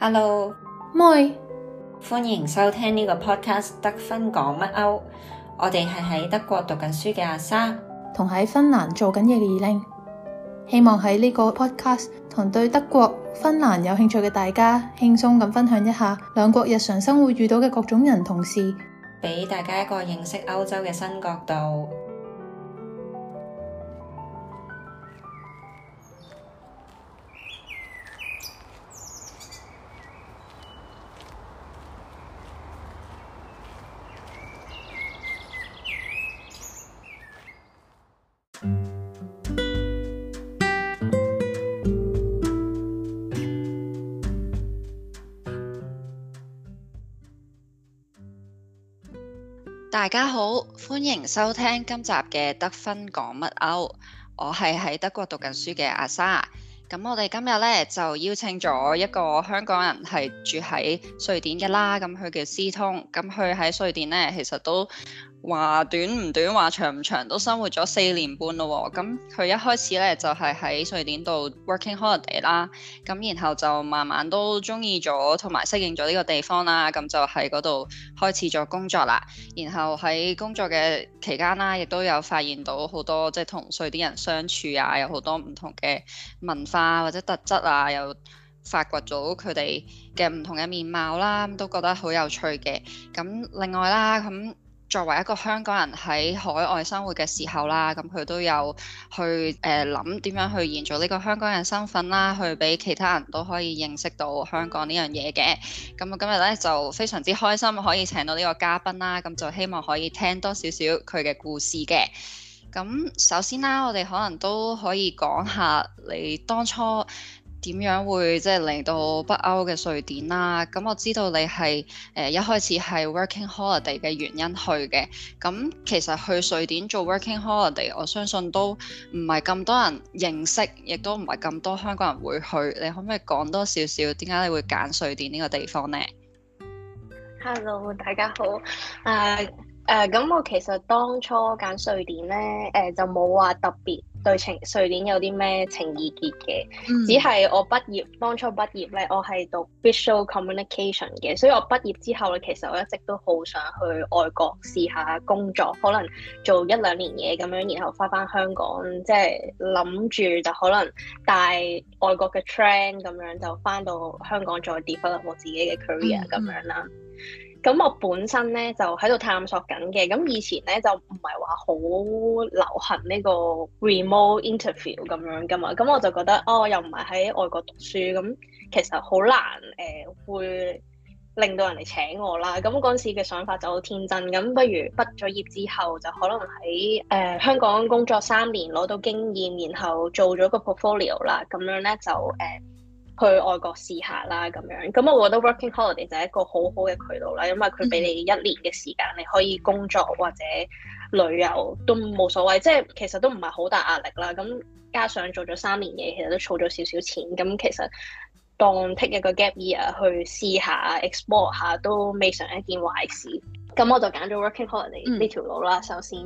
Hello，Moi，Moi. 歡迎收聽呢個 podcast，德芬講乜歐？我哋係喺德國讀緊書嘅阿沙，同喺芬蘭做緊嘢嘅二拎，希望喺呢個 podcast 同對德國、芬蘭有興趣嘅大家，輕鬆咁分享一下兩國日常生活遇到嘅各種人同事，俾大家一個認識歐洲嘅新角度。大家好，歡迎收聽今集嘅得分講乜歐，我係喺德國讀緊書嘅阿莎，咁我哋今日呢，就邀請咗一個香港人係住喺瑞典嘅啦，咁佢叫 Ctone，咁佢喺瑞典呢，其實都。話短唔短，話長唔長，都生活咗四年半咯喎。咁佢一開始呢，就係喺瑞典度 working holiday 啦，咁然後就慢慢都中意咗同埋適應咗呢個地方啦。咁就喺嗰度開始咗工作啦。然後喺工作嘅期間啦，亦都有發現到好多即係同瑞典人相處啊，有好多唔同嘅文化或者特質啊，又發掘咗佢哋嘅唔同嘅面貌啦，都覺得好有趣嘅。咁另外啦，咁作為一個香港人喺海外生活嘅時候啦，咁佢都有去誒諗點樣去延續呢個香港人身份啦，去俾其他人都可以認識到香港呢樣嘢嘅。咁我今日咧就非常之開心可以請到呢個嘉賓啦，咁就希望可以聽多少少佢嘅故事嘅。咁首先啦，我哋可能都可以講下你當初點樣會即係嚟到北歐嘅瑞典啦，啊？咁我知道你係誒、呃、一開始係 working holiday 嘅原因去嘅。咁其實去瑞典做 working holiday，我相信都唔係咁多人認識，亦都唔係咁多香港人會去。你可唔可以講多少少點解你會揀瑞典呢個地方呢？Hello，大家好。誒、uh, 誒、uh, 啊，咁我其實當初揀瑞典呢，誒、呃、就冇話特別。對情瑞典有啲咩情意結嘅？嗯、只係我畢業當初畢業咧，我係讀 visual communication 嘅，所以我畢業之後咧，其實我一直都好想去外國試下工作，可能做一兩年嘢咁樣，然後翻翻香港，即係諗住就可能帶外國嘅 trend 咁樣，就翻到香港再 develop 我自己嘅 career 咁樣啦。嗯嗯咁我本身咧就喺度探索緊嘅，咁以前咧就唔係話好流行呢個 remote interview 咁樣噶嘛，咁我就覺得哦，又唔係喺外國讀書，咁其實好難誒、呃，會令到人哋請我啦。咁嗰陣時嘅想法就好天真，咁不如畢咗業之後就可能喺誒、呃、香港工作三年攞到經驗，然後做咗個 portfolio 啦，咁樣咧就誒。呃去外國試下啦，咁樣，咁我覺得 working holiday 就係一個好好嘅渠道啦，嗯、因為佢俾你一年嘅時間，你可以工作或者旅遊都冇所謂，即係其實都唔係好大壓力啦。咁加上做咗三年嘢，其實都儲咗少少錢，咁其實當 take 一個 gap year 去試下、explore 下都未算一件壞事。咁、嗯、我就揀咗 working holiday 呢條路啦。嗯、首先，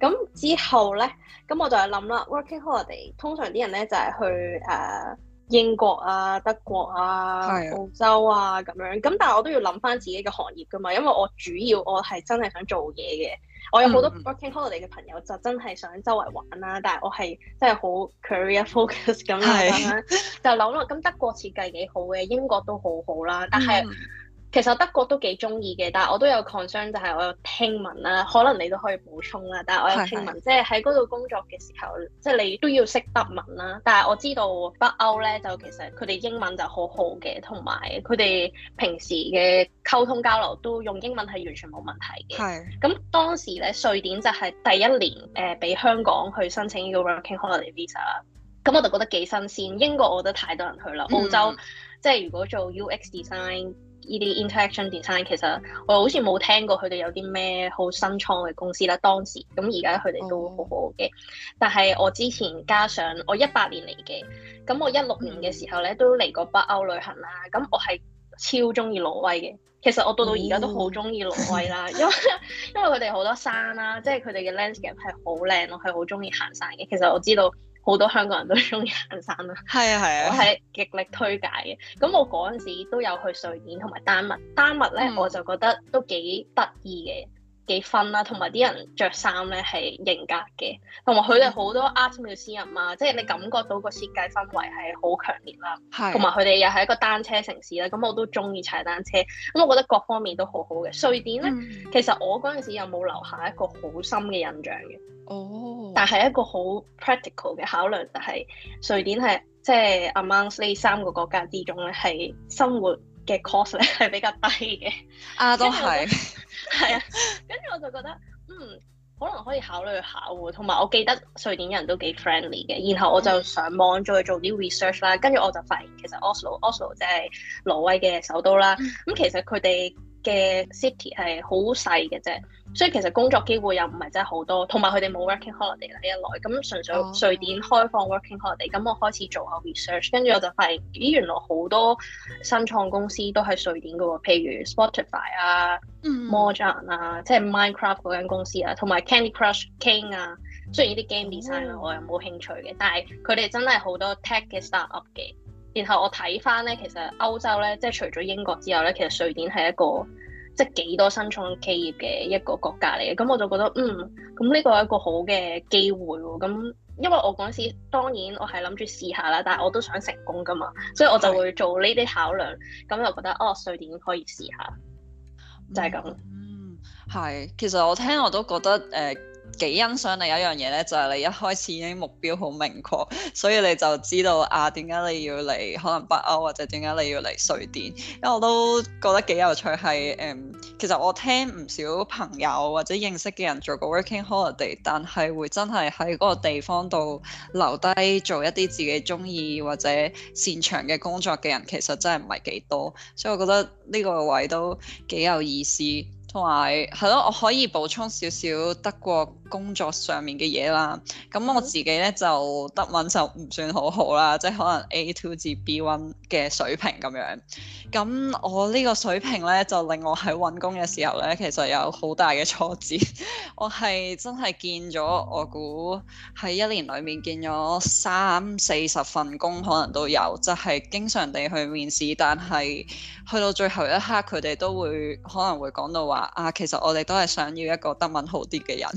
咁之後呢，咁我就諗啦，working holiday 通常啲人呢，就係、是、去誒。啊英國啊、德國啊、的澳洲啊咁樣，咁但係我都要諗翻自己嘅行業㗎嘛，因為我主要我係真係想做嘢嘅，我有好多 working holiday 嘅朋友就真係想周圍玩啦，啊，但係我係真係好 career focus 咁樣，的就諗啦，咁德國設計幾好嘅，英國都好好啦，但係。其實德國都幾中意嘅，但係我都有 concern，就係我有聽聞啦，可能你都可以補充啦。但係我有聽聞，聽聞的即係喺嗰度工作嘅時候，即係你都要識德文啦。但係我知道北歐咧，就其實佢哋英文就好好嘅，同埋佢哋平時嘅溝通交流都用英文係完全冇問題嘅。係的。咁當時咧，瑞典就係第一年誒，俾、呃、香港去申請呢個 working holiday visa 啦。咁我就覺得幾新鮮。英國我覺得太多人去啦，澳洲、嗯、即係如果做 UX design。呢啲 interaction design 其實我好似冇聽過佢哋有啲咩好新創嘅公司啦，當時咁而家佢哋都好好嘅。嗯、但係我之前加上我一八年嚟嘅，咁我一六年嘅時候咧、嗯、都嚟過北歐旅行啦。咁我係超中意挪威嘅，其實我到到而家都好中意挪威啦、嗯， 因為因為佢哋好多山啦、啊，即係佢哋嘅 landscape 係好靚咯，係好中意行山嘅。其實我知道。好多香港人都中意行山啦，係啊係啊，我係極力推介嘅。咁我嗰陣時都有去瑞典同埋丹麥，丹麥咧我就覺得都幾得意嘅。幾分啦、啊，同埋啲人着衫咧係型格嘅，同埋佢哋好多藝術師人啊，即係你感覺到個設計氛圍係好強烈啦、啊。同埋佢哋又係一個單車城市咧，咁我都中意踩單車，咁我覺得各方面都好好嘅。瑞典咧，嗯、其實我嗰陣時又冇留下一個好深嘅印象嘅。哦，但係一個好 practical 嘅考量就係，瑞典係即係 amongst 呢三個國家之中咧，係生活嘅 cost 咧係比較低嘅，啊都係，係啊，跟住我，是、 啊、我就覺得，嗯，可能可以考慮下喎。同埋我記得瑞典人都幾 friendly 嘅，然後我就上網再做啲 research 啦，跟住我就發現其實 Oslo，Oslo 即係挪威嘅首都啦。咁、嗯嗯嗯、其實佢哋嘅 city 係好細嘅啫，所以其實工作機會又唔係真係好多，同埋佢哋冇 working holiday 呢一類。咁純粹瑞典開放 working holiday，咁我開始做下 research，跟住我就發現，咦，原來好多新創公司都係瑞典㗎喎，譬如 Spotify 啊、Mojang 啊，即係 Minecraft 嗰間公司啊，同埋 Candy Crush King 啊。雖然呢啲 game design 我又冇興趣嘅，但係佢哋真係好多 tech 嘅 startup 嘅。然後我睇翻咧，其實歐洲咧，即係除咗英國之後咧，其實瑞典係一個即係幾多新創企業嘅一個國家嚟嘅，咁我就覺得嗯，咁呢個係一個好嘅機會喎、哦。咁因為我嗰時當然我係諗住試下啦，但係我都想成功㗎嘛，所以我就會做呢啲考量，咁是就覺得哦，瑞典可以試下，就係、是、咁、嗯。嗯，係，其實我聽我都覺得誒。呃幾欣賞你一樣嘢咧，就係、是、你一開始已經目標好明確，所以你就知道啊，點解你要嚟可能北歐或者點解你要嚟瑞典，因為我都覺得幾有趣。係誒、嗯，其實我聽唔少朋友或者認識嘅人做過 working holiday，但係會真係喺嗰個地方度留低做一啲自己鍾意或者擅長嘅工作嘅人，其實真係唔係幾多，所以我覺得呢個位都幾有意思。同埋係咯，我可以補充少少德國工作上面嘅嘢啦。咁我自己咧，就德文就唔算好好啦，即係可能 A two 至 B one 嘅水平咁樣，咁我呢個水平咧就令我喺揾工嘅時候咧，其實有好大嘅挫折。 我係真係見咗，我估喺一年裏面見咗三四十份工可能都有，就係經常地去面試，但係去到最後一刻，佢哋都會可能會講到話。啊，其實我哋都係想要一個德文好啲嘅人，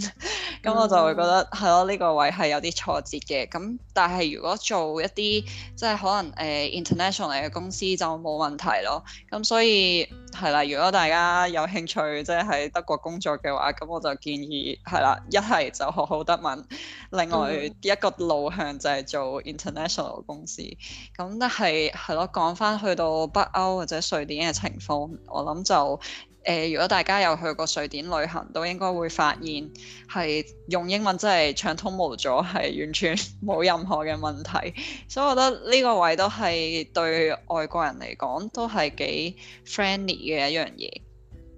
咁、mm hmm. 我就會覺得係咯，呢個位係有啲挫折嘅。咁但係如果做一啲即係可能誒 international 嚟嘅公司就冇問題咯。咁所以係啦，如果大家有興趣即係喺德國工作嘅話，咁我就建議係啦，一係就學好德文，另外一個路向就係做 international 公司。咁、mm hmm. 但係係咯，講翻去到北歐或者瑞典嘅情況，我諗就。誒，如果大家有去過瑞典旅行，都應該會發現係用英文真係暢通無阻，係完全冇任何嘅問題。 所以我覺得呢個位都係對外國人嚟講都係幾 friendly 嘅一樣嘢。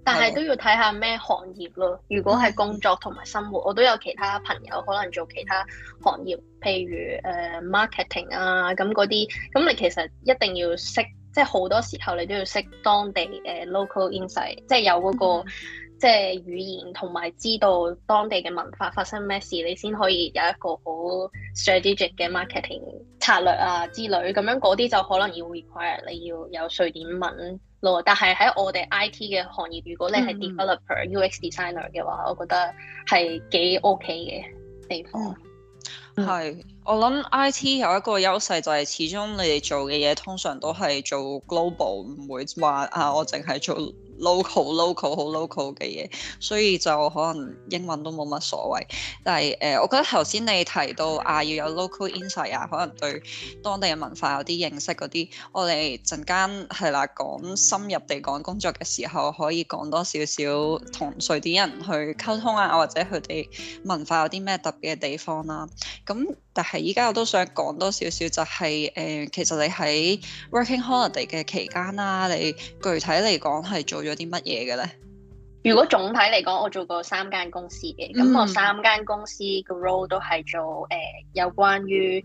但係是 是都要睇下咩行業咯。如果係工作同埋生活， 我都有其他朋友可能做其他行業，譬如誒、uh, marketing 啊，咁嗰啲，咁你其實一定要識。即係好多時候，你都要識當地誒 local insight，即係有嗰、嗰個、嗯、即係語言同埋知道當地嘅文化發生咩事，你先可以有一個好 strategic 嘅 marketing 策略啊之類。咁樣嗰啲就可能要 require 你要有瑞典文咯。但係喺我哋 IT 嘅行業，如果你係 developer、嗯、UX designer 嘅話，我覺得係幾 OK 嘅地方。係、哦。嗯我諗 IT 有一個優勢就係始終你哋做嘅嘢通常都係做 global，唔會話啊我淨係做 local local 好 local 嘅嘢，所以就可能英文都冇乜所謂。但係誒、呃，我覺得頭先你提到啊要有 local insight 啊，可能對當地嘅文化有啲認識嗰啲，我哋陣間係啦講深入地講工作嘅時候，可以講多少少同瑞典人去溝通啊，或者佢哋文化有啲咩特別嘅地方啦。咁但係。而家我都想講多少少、就是，就係誒，其實你喺 Working Holiday 嘅期間啦、啊，你具體嚟講係做咗啲乜嘢嘅咧？如果總體嚟講，我做過三間公司嘅，咁、嗯、我三間公司嘅 role 都係做誒、呃，有關於。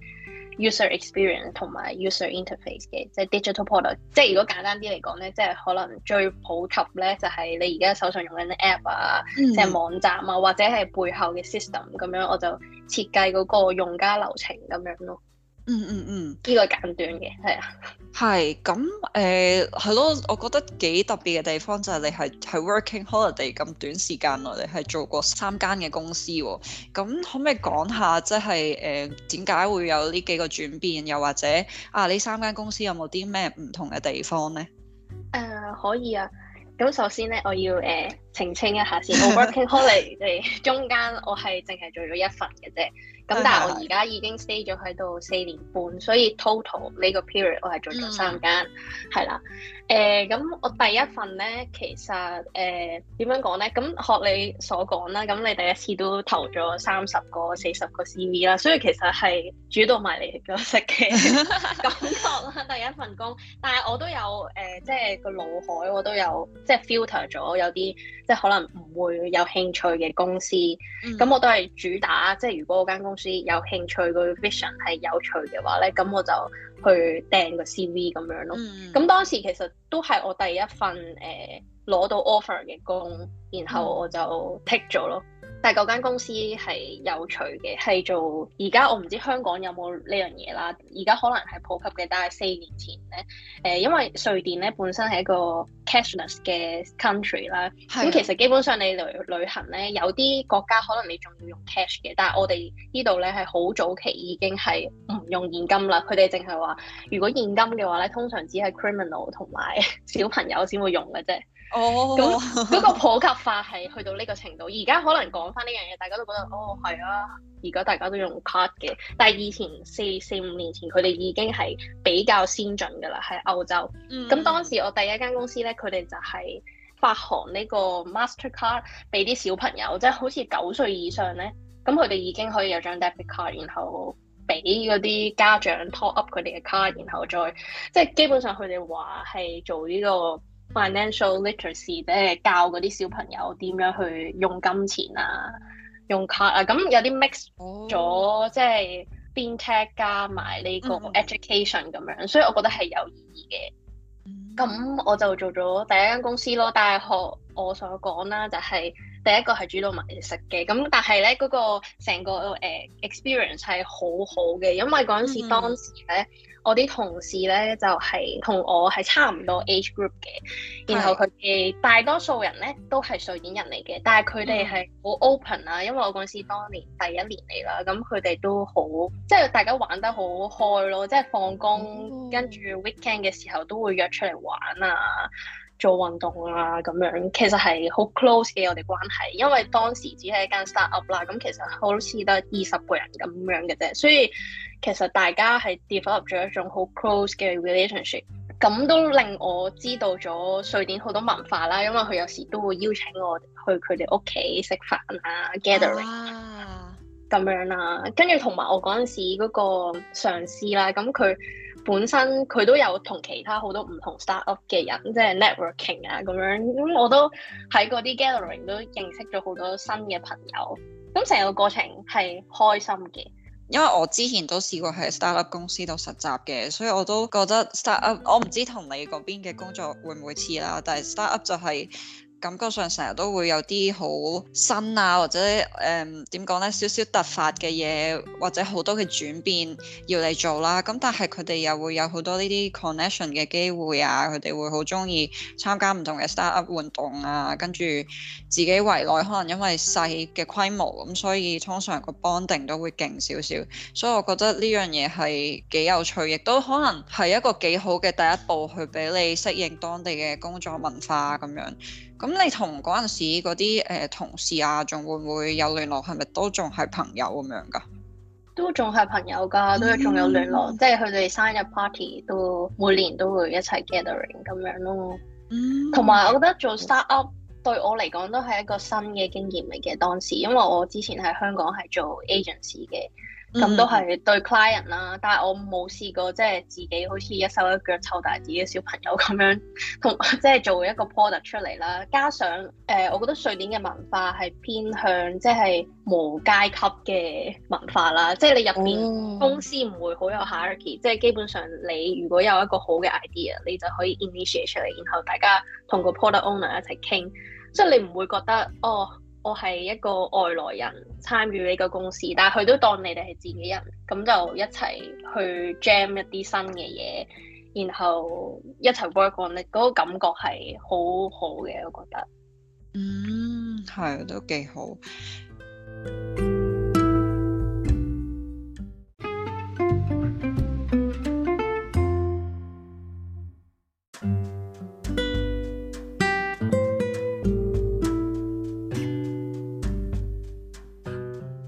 user experience 同埋 user interface 嘅，就是、即係 digital product。即係如果簡單啲嚟講咧，即係可能最普及咧，就係你而家手上用緊啲 app 啊，即係、嗯、網站啊，或者係背後嘅 system 咁樣，我就設計嗰個用家流程咁樣咯。嗯嗯嗯，呢個簡短嘅，係啊，係咁誒係咯，我覺得幾特別嘅地方就係、係、你係喺 working holiday 咁短時間內，你係做過三間嘅公司喎。咁可唔可以講下，即係誒點解會有呢幾個轉變，又或者啊，呢三間公司有冇啲咩唔同嘅地方咧？誒、呃，可以啊。咁首先咧，我要誒、呃、澄清一下先，我 working holiday 中間我係淨係做咗一份嘅啫。咁但係我而家已經 stay 咗喺度四年半，所以 total 呢個 period 我係做咗三間，係啦，嗯。誒咁，呃、我第一份咧，其實誒點、呃、樣講咧？咁學你所講啦，咁你第一次都投咗三十個、四十個 CV 啦，所以其實係主導埋嚟嘅式嘅感覺啦。 第一份工，但係我都有誒、呃，即係個腦海，我都有即係 filter 咗有啲即係可能唔會有興趣嘅公司。咁、嗯、我都係主打，即係如果嗰間公司有興趣個 vision 係有趣嘅話咧，咁我就去掟個 CV 咁樣咯。咁、嗯、當時其實～都係，我第一份誒，Uh 攞到 offer 嘅工，然後我就 take 咗咯。但係嗰間公司係有趣嘅，係做。而家我唔知香港有冇呢樣嘢啦。而家可能係普及嘅，但係四年前咧，誒、呃、因為瑞典咧本身係一個 cashless 嘅 country 啦的。咁、嗯、其實基本上你旅旅行咧，有啲國家可能你仲要用 cash 嘅，但係我哋呢度咧係好早期已經係唔用現金啦。佢哋淨係話如果現金嘅話咧，通常只係 criminal 同埋小朋友先會用嘅啫。哦，咁嗰、oh. 個普及化係去到呢個程度，而家可能講返呢樣嘢，大家都覺得、mm hmm. 哦，係啊，而家大家都用 card 嘅，但係以前四四五年前佢哋已經係比較先進噶啦，喺歐洲。咁、mm hmm. 當時我第一間公司咧，佢哋就係發行呢個 Mastercard 俾啲小朋友，即、就、係、是、好似九歲以上咧，咁佢哋已經可以有張 debit card，然後俾嗰啲家長 top up 佢哋嘅 card，然後再即係、就是、基本上佢哋話係做呢、這個。financial literacy 即係教嗰啲小朋友點樣去用金錢啊，用卡啊，咁有啲 mix 咗即係邊 tech 加埋呢個 education 咁、嗯嗯、樣，所以我覺得係有意義嘅。咁、嗯、我就做咗第一間公司咯。大學我所講啦，就係、是。第一個係主要埋食嘅，咁但係咧嗰個成個誒、uh, experience 係好好嘅，因為嗰陣時、mm hmm. 當時咧我啲同事咧就係、是、同我係差唔多 age group 嘅，然後佢哋大多數人咧都係瑞典人嚟嘅，但係佢哋係好 open 啦、啊，mm hmm. 因為我嗰陣時當年第一年嚟啦，咁佢哋都好即係大家玩得好開咯，即係放工跟住 weekend 嘅時候都會約出嚟玩啊。做運動啊咁樣，其實係好 close 嘅我哋關係，因為當時只係一間 startup 啦，咁其實好似得二十個人咁樣嘅啫，所以其實大家係 develop 咗一種好 close 嘅 relationship，咁都令我知道咗瑞典好多文化啦，因為佢有時都會邀請我去佢哋屋企食飯啊，gathering Wow. 啊，咁樣啦，跟住同埋我嗰陣時嗰個上司啦，咁佢。本身佢都有同其他好多唔同 start up 嘅人，即係 networking 啊咁樣，咁我都喺嗰啲 gathering 都認識咗好多新嘅朋友，咁成個過程係開心嘅。因為我之前都試過喺 start up 公司度實習嘅，所以我都覺得 start up，我唔知同你嗰邊嘅工作會唔會似啦，但係 start up 就係、是。感覺上成日都會有啲好新啊，或者誒點講呢？少少突發嘅嘢，或者好多嘅轉變要你做啦。咁但係佢哋又會有好多呢啲 connection 嘅機會啊，佢哋會好鍾意參加唔同嘅 start-up 運動啊，跟住自己圍內可能因為細嘅規模，咁所以通常個 bonding 都會勁少少。所以我覺得呢樣嘢係幾有趣，亦都可能係一個幾好嘅第一步去俾你適應當地嘅工作文化咁樣。咁你同嗰陣時嗰啲誒同事啊，仲會唔會有聯絡？係咪都仲係朋友咁樣噶？都仲係朋友㗎，嗯、都仲有聯絡，即係佢哋生日 party 都每年都會一齊 gathering 咁樣咯。同埋、嗯、我覺得做 startup 對我嚟講都係一個新嘅經驗嚟嘅。當時因為我之前喺香港係做 agency 嘅。咁、嗯、都係對 client 啦，但係我冇試過即係自己好似一手一腳湊大自己嘅小朋友咁樣，同即係做一個 product 出嚟啦。加上誒、呃，我覺得瑞典嘅文化係偏向即係無階級嘅文化啦，即係你入面公司唔會好有 hierarchy、嗯、即係基本上你如果有一個好嘅 idea，你就可以 initiate 出嚟，然後大家同個 product owner 一齊傾，即係你唔會覺得哦。我係一個外來人參與你個公司，但係佢都當你哋係自己人，咁就一齊去 jam 一啲新嘅嘢，然後一齊 work on，嗰個感覺係好好嘅，我覺得。嗯，係都幾好。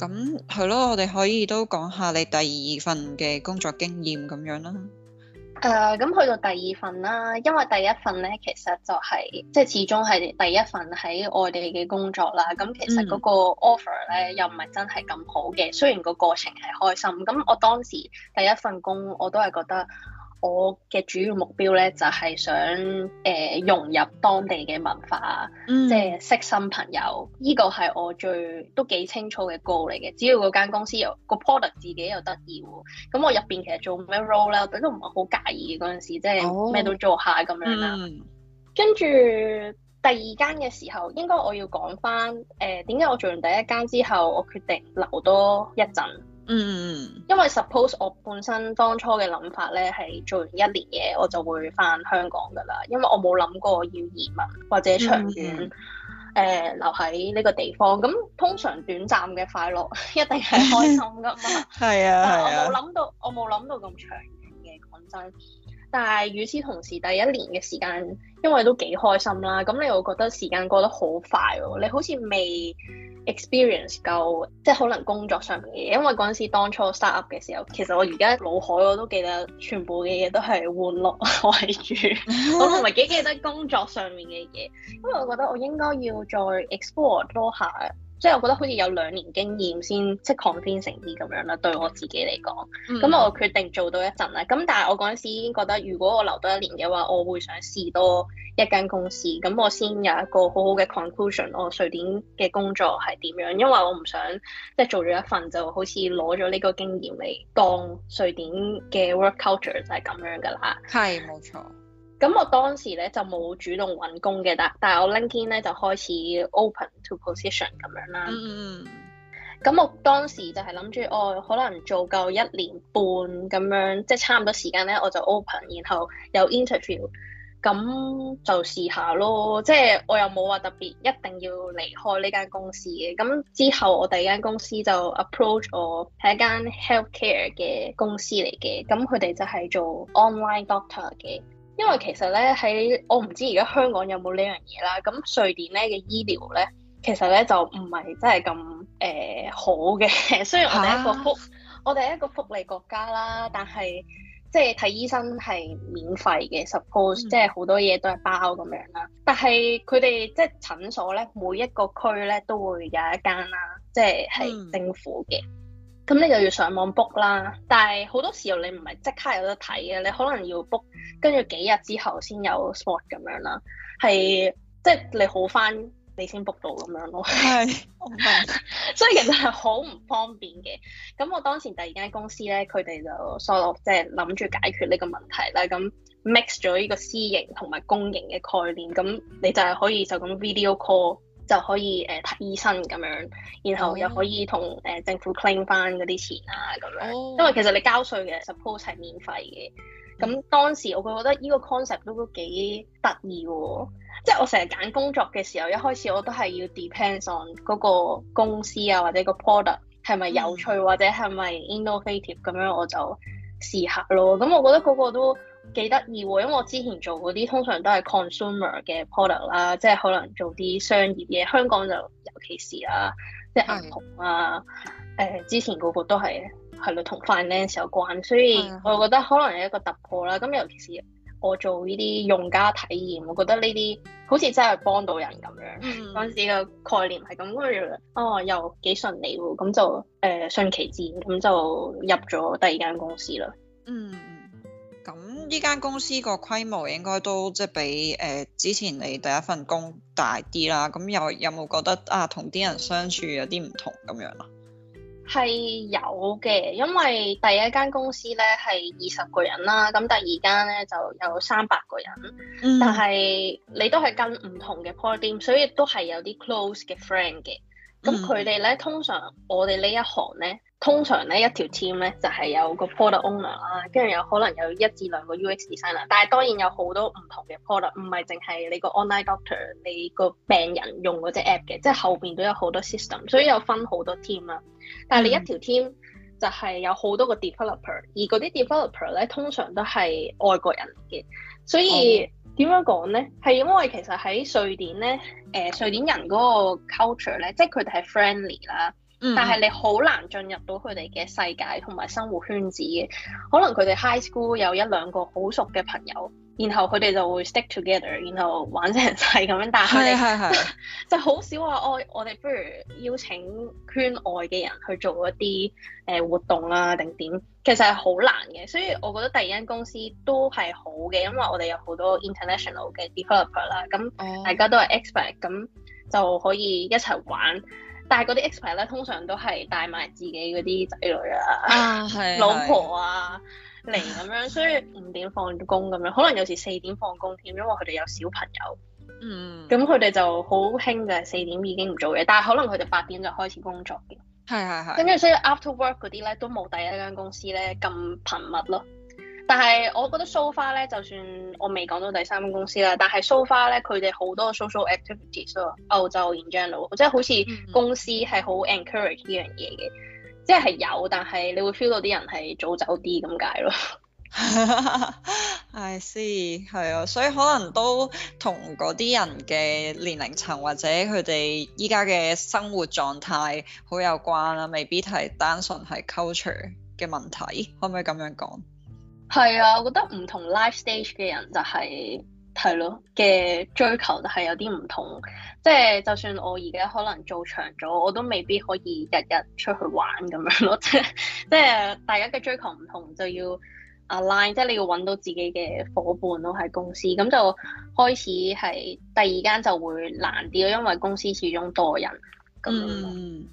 咁係咯，我哋可以都講下你第二份嘅工作經驗咁樣啦。誒，咁去到第二份啦，因為第一份咧，其實就係、是、即係始終係第一份喺外地嘅工作啦。咁其實嗰個 offer 咧又唔係真係咁好嘅，雖然個過程係開心。咁我當時第一份工我都係覺得。我嘅主要目標咧就係、是、想誒、呃、融入當地嘅文化，嗯、即係識新朋友，呢、這個係我最都幾清楚嘅 goal 嚟嘅。只要嗰間公司有個 product 自己又得意喎，咁我入邊其實做咩 role 啦，都唔係好介意嘅嗰陣時，哦、即係咩都做下咁樣啦。跟住、嗯、第二間嘅時候，應該我要講翻誒點解我做完第一間之後，我決定留多一陣。嗯，mm hmm. 因為 suppose 我本身當初嘅諗法咧係做完一年嘢，我就會翻香港噶啦，因為我冇諗過要移民或者長遠誒、mm hmm. 呃、留喺呢個地方。咁通常短暫嘅快樂一定係開心噶嘛，係啊， 我冇諗到 我冇諗到咁長遠嘅，講真。但係與此同時，第一年嘅時間。因為都幾開心啦，咁你又覺得時間過得好快喎，啊？你好似未 experience 夠，即係可能工作上面嘅嘢。因為嗰陣時當初 start up 嘅時候，其實我而家腦海我都記得全部嘅嘢都係玩樂為主， 我唔係幾記得工作上面嘅嘢。因為我覺得我應該要再 explore 多下。即係我覺得好似有兩年經驗先即係 confident 成啲咁樣啦，對我自己嚟講。咁、嗯、我決定做到一陣啦。咁但係我嗰陣時已經覺得，如果我留多一年嘅話，我會想試多一間公司，咁我先有一個好好嘅 conclusion。我瑞典嘅工作係點樣？因為我唔想即係做咗一份就好似攞咗呢個經驗嚟當瑞典嘅 work culture 就係咁樣㗎啦。係，冇錯。咁我當時咧就冇主動揾工嘅，但係我 LinkedIn 咧就開始 open to position 咁樣啦。咁、mm hmm. 我當時就係諗住，我、哦、可能做夠一年半咁樣，即係差唔多時間咧，我就 open，然後有 interview，咁就試下咯。即係我又冇話特別一定要離開呢間公司嘅。咁之後我第二間公司就 approach 我係一間 healthcare 嘅公司嚟嘅，咁佢哋就係做 online doctor 嘅。.因為其實咧喺我唔知而家香港有冇呢樣嘢啦，咁瑞典咧嘅醫療咧，其實咧就唔係真係咁誒好嘅。雖然我哋一個福，我哋係一個福利國家啦，但係即係睇醫生係免費嘅，suppose 即係好多嘢都係包咁樣啦。但係佢哋即係診所咧，每一個區咧都會有一間啦，即係係政府嘅。嗯。咁你就要上網 book 啦，但係好多時候你唔係即刻有得睇嘅，你可能要 book 跟住幾日之後先有 spot 咁樣啦，係即係你好返你先 book 到咁樣咯。係，所以其實係好唔方便嘅。咁我當時第二間公司咧，佢哋就所以即係諗住解決呢個問題咧，咁 mix 咗呢個私營同埋公營嘅概念，咁你就係可以就咁 video call。就可以誒睇、呃、醫生咁樣，然後又可以同誒、呃、政府 claim 翻嗰啲錢啊咁樣，哦、因為其實你交稅嘅 suppose 係免費嘅。咁當時我會覺得呢個 concept 都都幾得意喎，即係我成日揀工作嘅時候，一開始我都係要 depends on 嗰個公司啊或者個 product 係咪有趣、嗯、或者係咪 innovative 咁樣我就試下咯。咁我覺得嗰個都幾得意喎，因為我之前做嗰啲通常都係 consumer 嘅 product 啦，即係可能做啲商業嘢。香港就尤其是啦，即係銀行啊，誒是的、呃，之前個個都係係咯，同 finance 有關，所以我覺得可能係一個突破啦。咁是的 尤其是我做呢啲用家體驗，我覺得呢啲好似真係幫到人咁樣。嗰陣、嗯、時嘅概念係咁，跟住哦又幾順利喎，咁就誒、呃、順其自然咁就入咗第二間公司啦。嗯。呢間公司個規模應該都即係比誒、呃、之前你第一份工大啲啦，咁有有冇覺得啊同啲人相處有啲唔同咁樣啊？係有嘅，因為第一間公司咧係二十個人啦，咁第二間咧就有三百個人，個人嗯、但係你都係跟唔同嘅 project，r 所以都係有啲 close 嘅 friend 嘅。咁佢哋咧，嗯、通常我哋呢一行咧。通常咧一條 team 咧就係、是、有個 product owner 啦，跟住有可能有一至兩個 UX designer，但係當然有好多唔同嘅 product，唔係淨係你個 online doctor，你個病人用嗰隻 app 嘅，即係後邊都有好多 system，所以有分好多 team 啊。但係你一條 team 就係有好多個 developer，而嗰啲 developer 咧通常都係外國人嘅，所以點樣講咧？係因為其實喺瑞典咧，誒、呃、瑞典人嗰個 culture 咧，即係佢哋係 friendly 啦。嗯、但係你好難進入到佢哋嘅世界同埋生活圈子嘅，可能佢哋 high school 有一兩個好熟嘅朋友，嗯、然後佢哋就會 stick together，然後玩成世咁樣，但係佢哋就好少話哦，我哋不如邀請圈外嘅人去做一啲誒、呃、活動啊定點，其實係好難嘅，所以我覺得第二間公司都係好嘅，因為我哋有好多 international 嘅 developer 啦，咁、嗯、大家都係 expert，咁就可以一齊玩。但係嗰啲 expat 咧，通常都係帶埋自己嗰啲仔女啊、啊老婆啊嚟咁 樣，所以五點放工咁樣，可能有時四點放工添，因為佢哋有小朋友。嗯。咁佢哋就好興就係四點已經唔做嘢，但係可能佢哋八點就開始工作。係係係。跟住所以 after work 嗰啲咧，都冇第一間公司咧咁頻密咯。但係我覺得 so far 咧，就算我未講到第三間公司啦，但係 so far 咧，佢哋好多 social activities 啊 so、oh, 嗯，歐洲 in general，即係好似公司係好 encourage 呢樣嘢嘅，即係有，但係你會 feel 到啲人係早走啲咁解咯。 I see，係啊，所以可能都同嗰啲人嘅年齡層或者佢哋依家嘅生活狀態好有關啦，未必係單純係 culture 嘅問題，可唔可以咁樣講？係啊，我覺得唔同 life stage 嘅人就係、係、係咯嘅追求就係有啲唔同，即係就算我而家可能做長咗，我都未必可以日日出去玩咁樣咯， 即即係大家嘅追求唔同就要 align，即係你要搵到自己嘅伙伴咯，喺公司咁就開始係第二間就會難啲咯，因為公司始終多人咁樣。嗯。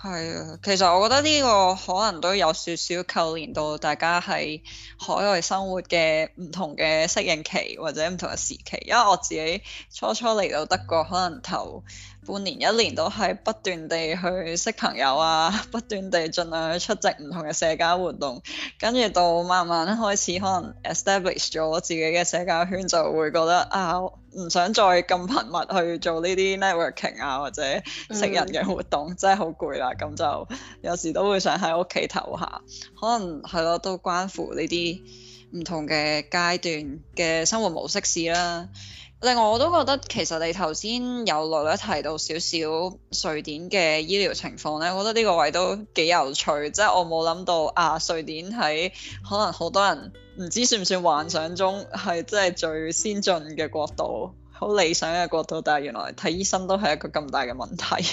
係啊，其實我覺得呢個可能都有少少扣連到大家喺海外生活嘅唔同嘅適應期或者唔同嘅時期，因為我自己初初嚟到德國，可能頭半年一年都係不斷地去識朋友啊，不斷地儘量去出席唔同嘅社交活動，跟住到慢慢開始可能 establish 咗自己嘅社交圈，就會覺得啊，唔想再咁頻密去做呢啲 networking 啊或者識人嘅活動，嗯、真係好攰啦。咁就有時都會想喺屋企唞下。可能係咯，都關乎呢啲唔同嘅階段嘅生活模式事啦。另外我都覺得其實你頭先有略略提到少少瑞典嘅醫療情況咧，我覺得呢個位都幾有趣，即係我冇諗到啊！瑞典喺可能好多人唔知算唔算幻想中係即係最先進嘅國度，好理想嘅國度，但係原來睇醫生都係一個咁大嘅問題。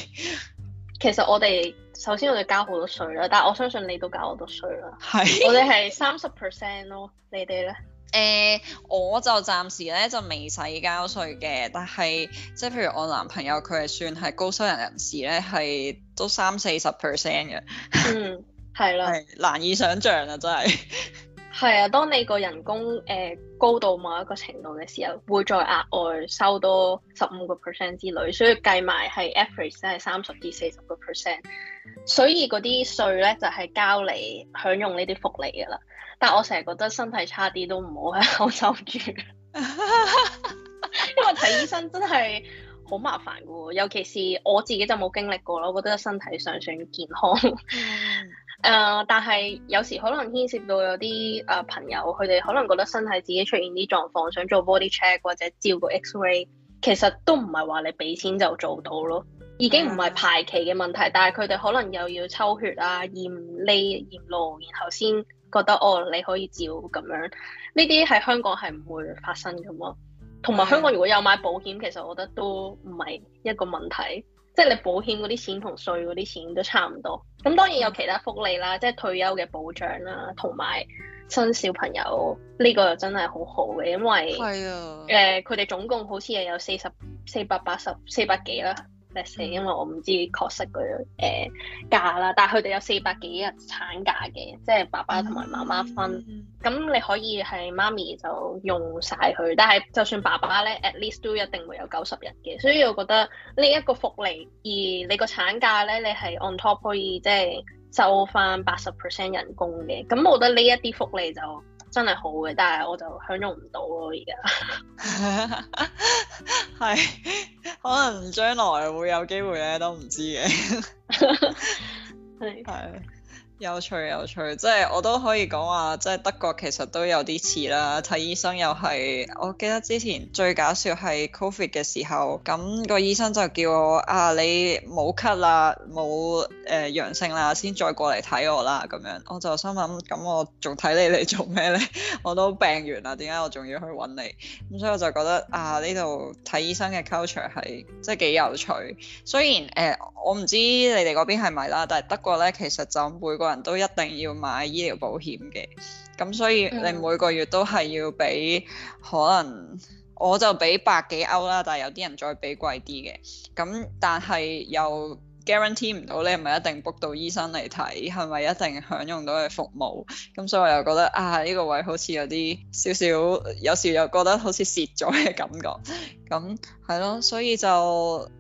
其實我哋首先我哋交好多稅啦，但我相信你都交好多稅啦。係。我哋係三十 percent 咯，你哋咧？誒，uh，我就暫時咧就未使交稅嘅，但係即係譬如我男朋友佢係算係高收入人士咧，係都三四十 percent 嘅。 嗯，係啦。係 難以想像啊，真係。係啊，當你個人工誒、呃、高到某一個程度嘅時候，會再額外收多十五個 percent 之類，所以計埋係 average 咧係三十至四十個 percent。所以嗰啲稅咧就係、是、交嚟享用呢啲福利嘅啦，但我成日覺得身體差啲都唔好喺歐洲住， 因為睇醫生真係好麻煩噶喎，尤其是我自己就冇經歷過啦，我覺得身體尚算健康，誒、嗯 呃，但係有時可能牽涉到有啲誒、呃、朋友，佢哋可能覺得身體自己出現啲狀況，想做 body check 或者照個 X ray，其實都唔係話你俾錢就做到咯。已經唔係排期嘅問題， 但係佢哋可能又要抽血啊、驗膿、驗路，然後先覺得哦，你可以照咁樣。呢啲喺香港係唔會發生嘅嘛。同埋香港如果有買保險，其實我覺得都唔係一個問題，即係你保險嗰啲錢同稅嗰啲錢都差唔多。咁當然有其他福利啦， 即係退休嘅保障啦、啊，同埋生小朋友呢個又真係好好嘅，因為誒佢哋總共好似係有四十四百八十四百幾啦。四，因為我唔知確實佢誒假啦，嗯、但係佢哋有四百幾日產假嘅，即、就、係、是、爸爸同埋媽媽分。咁、嗯嗯、你可以係媽咪就用晒佢，但係就算爸爸咧，at least 都一定會有九十日嘅。所以我覺得呢一個福利，而你個產假咧，你係 on top 可以即係、就是、收翻八十 percent 人工嘅。咁我覺得呢一啲福利就～真係好嘅，但係我就享用唔到咯。而家係可能將來會有機會咧，都唔知嘅。係 是。有趣有趣，即係我都可以講話，即係德國其實都有啲似啦，睇醫生又係，我記得之前最搞笑係 Covid 嘅時候，咁個醫生就叫我啊，你冇咳啦，冇誒陽性啦，先再過嚟睇我啦咁樣，我就心諗，咁我仲睇你嚟做咩咧？ 我都病完啦，點解我仲要去揾你？咁所以我就覺得啊，呢度睇醫生嘅 culture 係即係幾有趣。雖然誒、呃、我唔知你哋嗰邊係咪啦，但係德國咧其實就每個。個人都一定要買醫療保險嘅，咁所以你每個月都係要俾，嗯、可能我就俾百幾歐啦，但係有啲人再俾貴啲嘅，咁但係又，Guarantee 唔到你唔係一定 book 到醫生嚟睇，係咪一定享用到嘅服務？咁所以我又覺得啊，呢個位好似有啲少少，有時又覺得好似蝕咗嘅感覺。咁係咯，所以就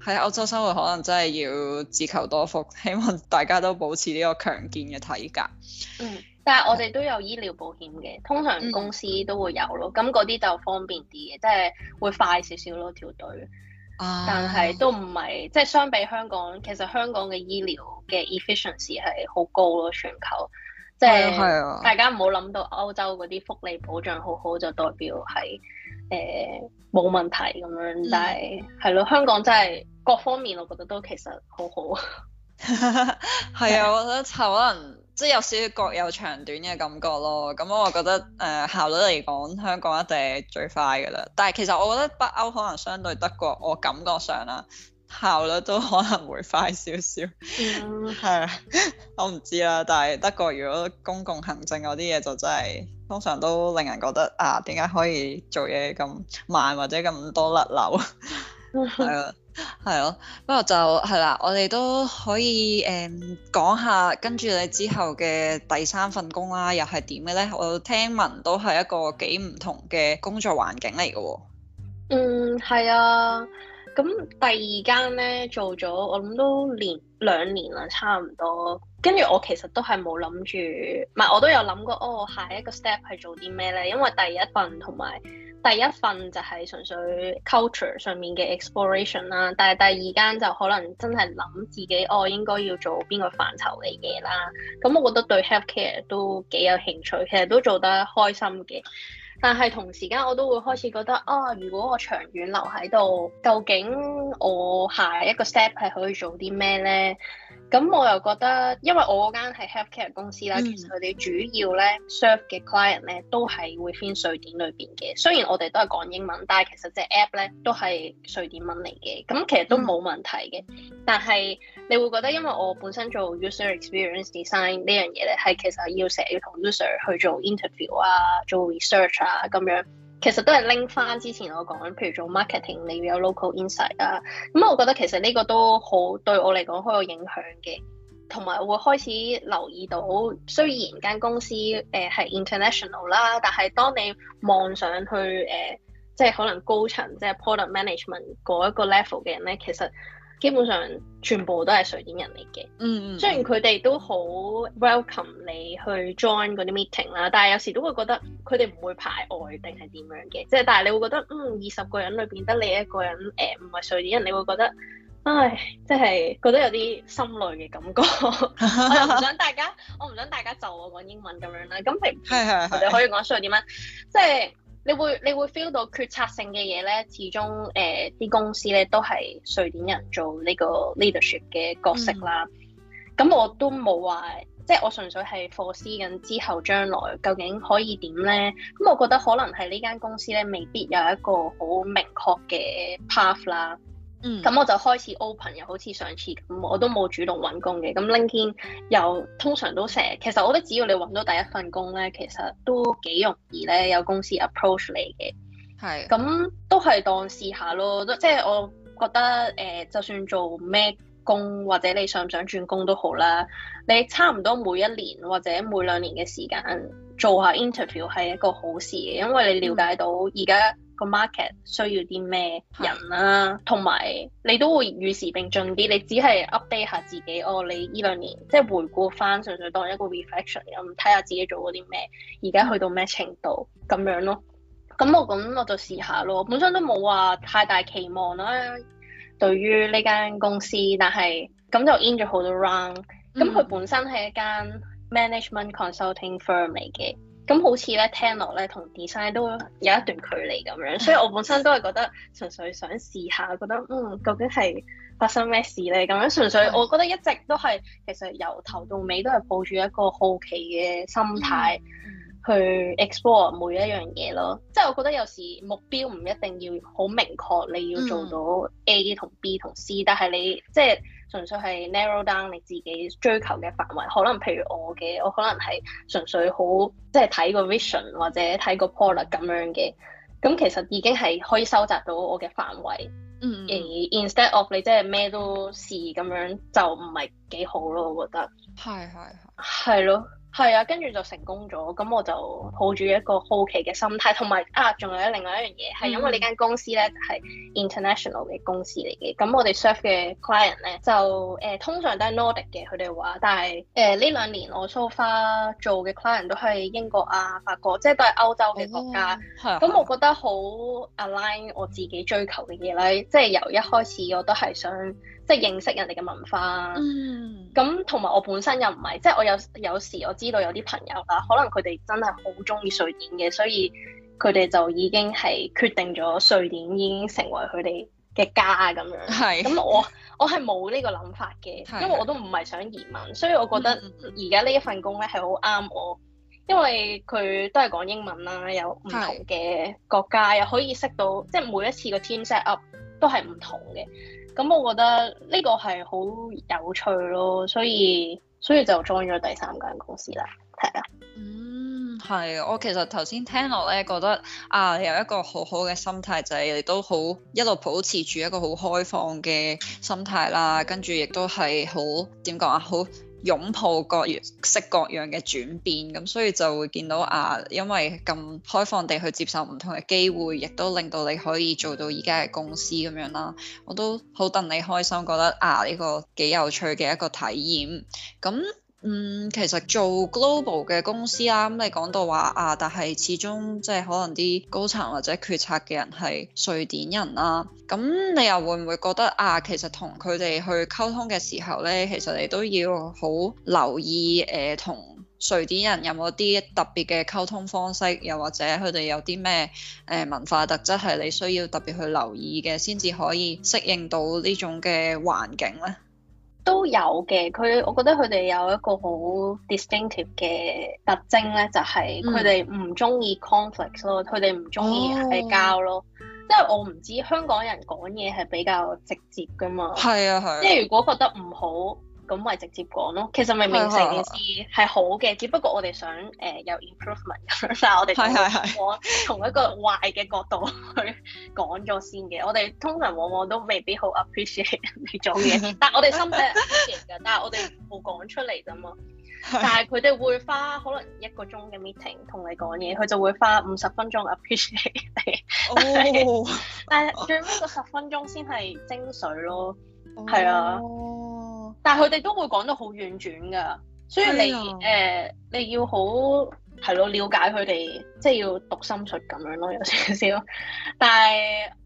喺歐洲生活可能真係要自求多福，希望大家都保持呢個強健嘅體格。嗯，但係我哋都有醫療保險嘅，嗯、通常公司都會有咯。咁嗰啲就方便啲嘅，即係會快少少咯，條隊。但係都唔係，即係相比香港，其實香港嘅醫療嘅 efficiency 係好高咯，全球即係大家唔好諗到歐洲嗰啲福利保障好好就代表係誒冇問題咁樣，但係係咯，香港真係各方面我覺得都其實好好。係啊， 我覺得就可能。即係有少少各有長短嘅感覺咯，咁、嗯、我覺得誒、呃、效率嚟講，香港一定係最快㗎啦。但係其實我覺得北歐可能相對德國，我感覺上啦，效率都可能會快少少。係啊，我唔知啦。但係德國如果公共行政嗰啲嘢就真係，通常都令人覺得啊，點解可以做嘢咁慢或者咁多甩漏？係啊。係咯，不過就係啦，我哋都可以誒、嗯、講下跟住你之後嘅第三份工啦，啊，又係點嘅咧？我聽聞都係一個幾唔同嘅工作環境嚟嘅喎。嗯，係啊，咁第二間咧做咗，我諗都年兩年啦，差唔多。跟住我其實都係冇諗住，唔係我都有諗過哦。下一個 step 係做啲咩咧？因為第一份同埋第一份就係純粹 culture 上面嘅 exploration 啦。但係第二間就可能真係諗自己哦，應該要做邊個範疇嘅嘢啦。咁我覺得對 healthcare 都幾有興趣，其實都做得開心嘅。但係同時間我都會開始覺得啊、哦，如果我長遠留喺度，究竟我下一個 step 係可以做啲咩咧？咁我又覺得，因為我嗰間係 healthcare 公司啦，嗯、其實佢哋主要咧 serve 嘅 client 咧都係會喺瑞典裏邊嘅。雖然我哋都係講英文，但係其實隻 app 咧都係瑞典文嚟嘅，咁其實都冇問題嘅。嗯、但係你會覺得，因為我本身做 user experience design 呢樣嘢咧，係其實要成日要同 user 去做 interview 啊，做 research 啊咁樣。其實都係拎翻之前我講，譬如做 marketing 你要有 local insight 啊，咁、嗯、我覺得其實呢個都好對我嚟講好有影響嘅，同埋我會開始留意到，雖然間公司誒係、呃、international 啦，但係當你望上去誒、呃，即係可能高層，即係 product management 嗰一個 level 嘅人咧，其實。基本上全部都係瑞典人嚟嘅，嗯，雖然佢哋都好 welcome 你去 join 嗰啲 meeting 啦，但係有時都會覺得佢哋唔會排外定係點樣嘅，即係但係你會覺得，嗯，二十個人裏邊得你一個人，誒、呃，唔係瑞典人，你會覺得，唉，即係覺得有啲心累嘅感覺。 我又唔想大家，我唔想大家就我講英文咁樣啦。咁平，係係係，你可以講瑞典文，即係。你會你會 feel 到決策性嘅嘢咧，始終誒啲、呃、公司咧都係瑞典人做呢個 leadership 嘅角色啦。咁、嗯、我都冇話，即係我純粹係 foresight 緊之後將來究竟可以點咧？咁我覺得可能係呢間公司咧未必有一個好明確嘅 path 啦。嗯咁、嗯、我就開始 open，又好似上次咁，我都冇主動揾工嘅。咁 LinkedIn 又通常都成日，其實我覺得只要你揾到第一份工呢，其實都幾容易呢。有公司 approach 你嘅。係的。咁都係當試下咯，即係我覺得誒、呃，就算做咩工或者你想唔想轉工都好啦，你差唔多每一年或者每兩年嘅時間做下 interview 係一個好事嘅，因為你了解到而家。嗯個 market 需要啲咩人啦、啊，同埋你都會與時並進啲，你只係 update 下自己哦。你呢兩年即係回顧翻，純粹當一個 reflection，咁，睇下自己做過啲咩，而家去到咩程度咁樣咯。咁我咁我就試下咯，本身都冇話太大期望啦。對於呢間公司，但係咁就 in 咗好多 round。咁佢本身係一間 management consulting firm 嚟嘅。咁好似咧聽落咧，同 design 都有一段距離咁樣，所以我本身都係覺得純粹想試下，覺得，嗯，究竟係發生咩事咧咁樣，純粹我覺得一直都係其實由頭到尾都係抱住一個好奇嘅心態去 explore 每一樣嘢咯，即係我覺得有時目標唔一定要好明確，你要做到 A 同 B 同 C，但係你即係。純粹係 narrow down 你自己追求嘅範圍，可能譬如我嘅，我可能係純粹好即係睇個 vision 或者睇個 product 咁樣嘅，咁其實已經係可以收集到我嘅範圍。嗯。而 instead of 你即係咩都試咁樣，就唔係幾好咯，我覺得。係係係。係咯。係啊，跟住就成功咗，咁我就抱住一個好奇嘅心態，同埋啊，仲有另外一樣嘢係因為呢間公司咧係 international 嘅公司嚟嘅，咁我哋 serve 嘅 client 呢，就誒、是呃、通常都係 Nordic 嘅佢哋話，但係誒呢兩年我 so far 做嘅 client 都係英國啊、法國，即係都係歐洲嘅國家，咁、哎、我覺得好 align 我自己追求嘅嘢啦，即係由一開始我都係想。即係認識人哋嘅文化，咁同埋我本身又唔係，即係我有有時我知道有啲朋友啦，可能佢哋真係好中意瑞典嘅，所以佢哋就已經係決定咗瑞典已經成為佢哋嘅家咁樣。係是。咁我我係冇呢個諗法嘅，是因為我都唔係想移民，的所以我覺得而家呢一份工咧係好啱我，嗯、因為佢都係講英文啦，有唔同嘅國家，的又可以識到，即係每一次個 team set up 都係唔同嘅。咁我覺得呢個係好有趣咯，所以所以就 join 咗第三間公司啦，係啊。嗯，係。我其實頭先聽落咧，覺得啊有一個好好嘅心態，就係、是、你都好一路保持住一個好開放嘅心態啦，跟住亦都係好點講啊好。擁抱各式各樣嘅轉變，咁所以就會見到啊，因為咁開放地去接受唔同嘅機會，亦都令到你可以做到而家嘅公司咁樣啦。我都好戥你開心，覺得啊呢個幾有趣嘅一個體驗，咁。嗯，其實做 global 嘅公司啦，咁、嗯、你講到話啊，但係始終即係可能啲高層或者決策嘅人係瑞典人啦，咁你又會唔會覺得啊，其實同佢哋去溝通嘅時候呢，其實你都要好留意誒，同、呃、瑞典人有冇啲特別嘅溝通方式，又或者佢哋有啲咩誒文化特質係你需要特別去留意嘅，先至可以適應到呢種嘅環境呢？都有嘅，佢我覺得佢哋有一個好 distinctive 嘅特徵咧，就係，是，佢哋唔中意 conflict 咯，嗯，佢哋唔中意嗌交咯。即係，oh. 我唔知香港人講嘢係比較直接㗎嘛，啊啊，即係如果覺得唔好。咁咪直接講咯，其實咪明成件事係好嘅，只 不過我哋想誒、呃、有 improvement，但係我哋往往從一個壞嘅角度去講咗先嘅。我哋通常往往都未必好 appreciate 你做嘢， 但係我哋心底 appreciate 㗎， 但係我哋冇講出嚟啫嘛。 但係佢哋會花可能一個鐘嘅 meeting 同你講嘢，佢就會花五十分鐘。Oh. appreciate 你。但係最尾嗰十分鐘先係精髓咯。係啊。哦。但佢哋都會講得好婉轉㗎，所以你誒、哎呦 呃、你要好係咯，了解佢哋即係要讀心術咁樣咯，有少少。但係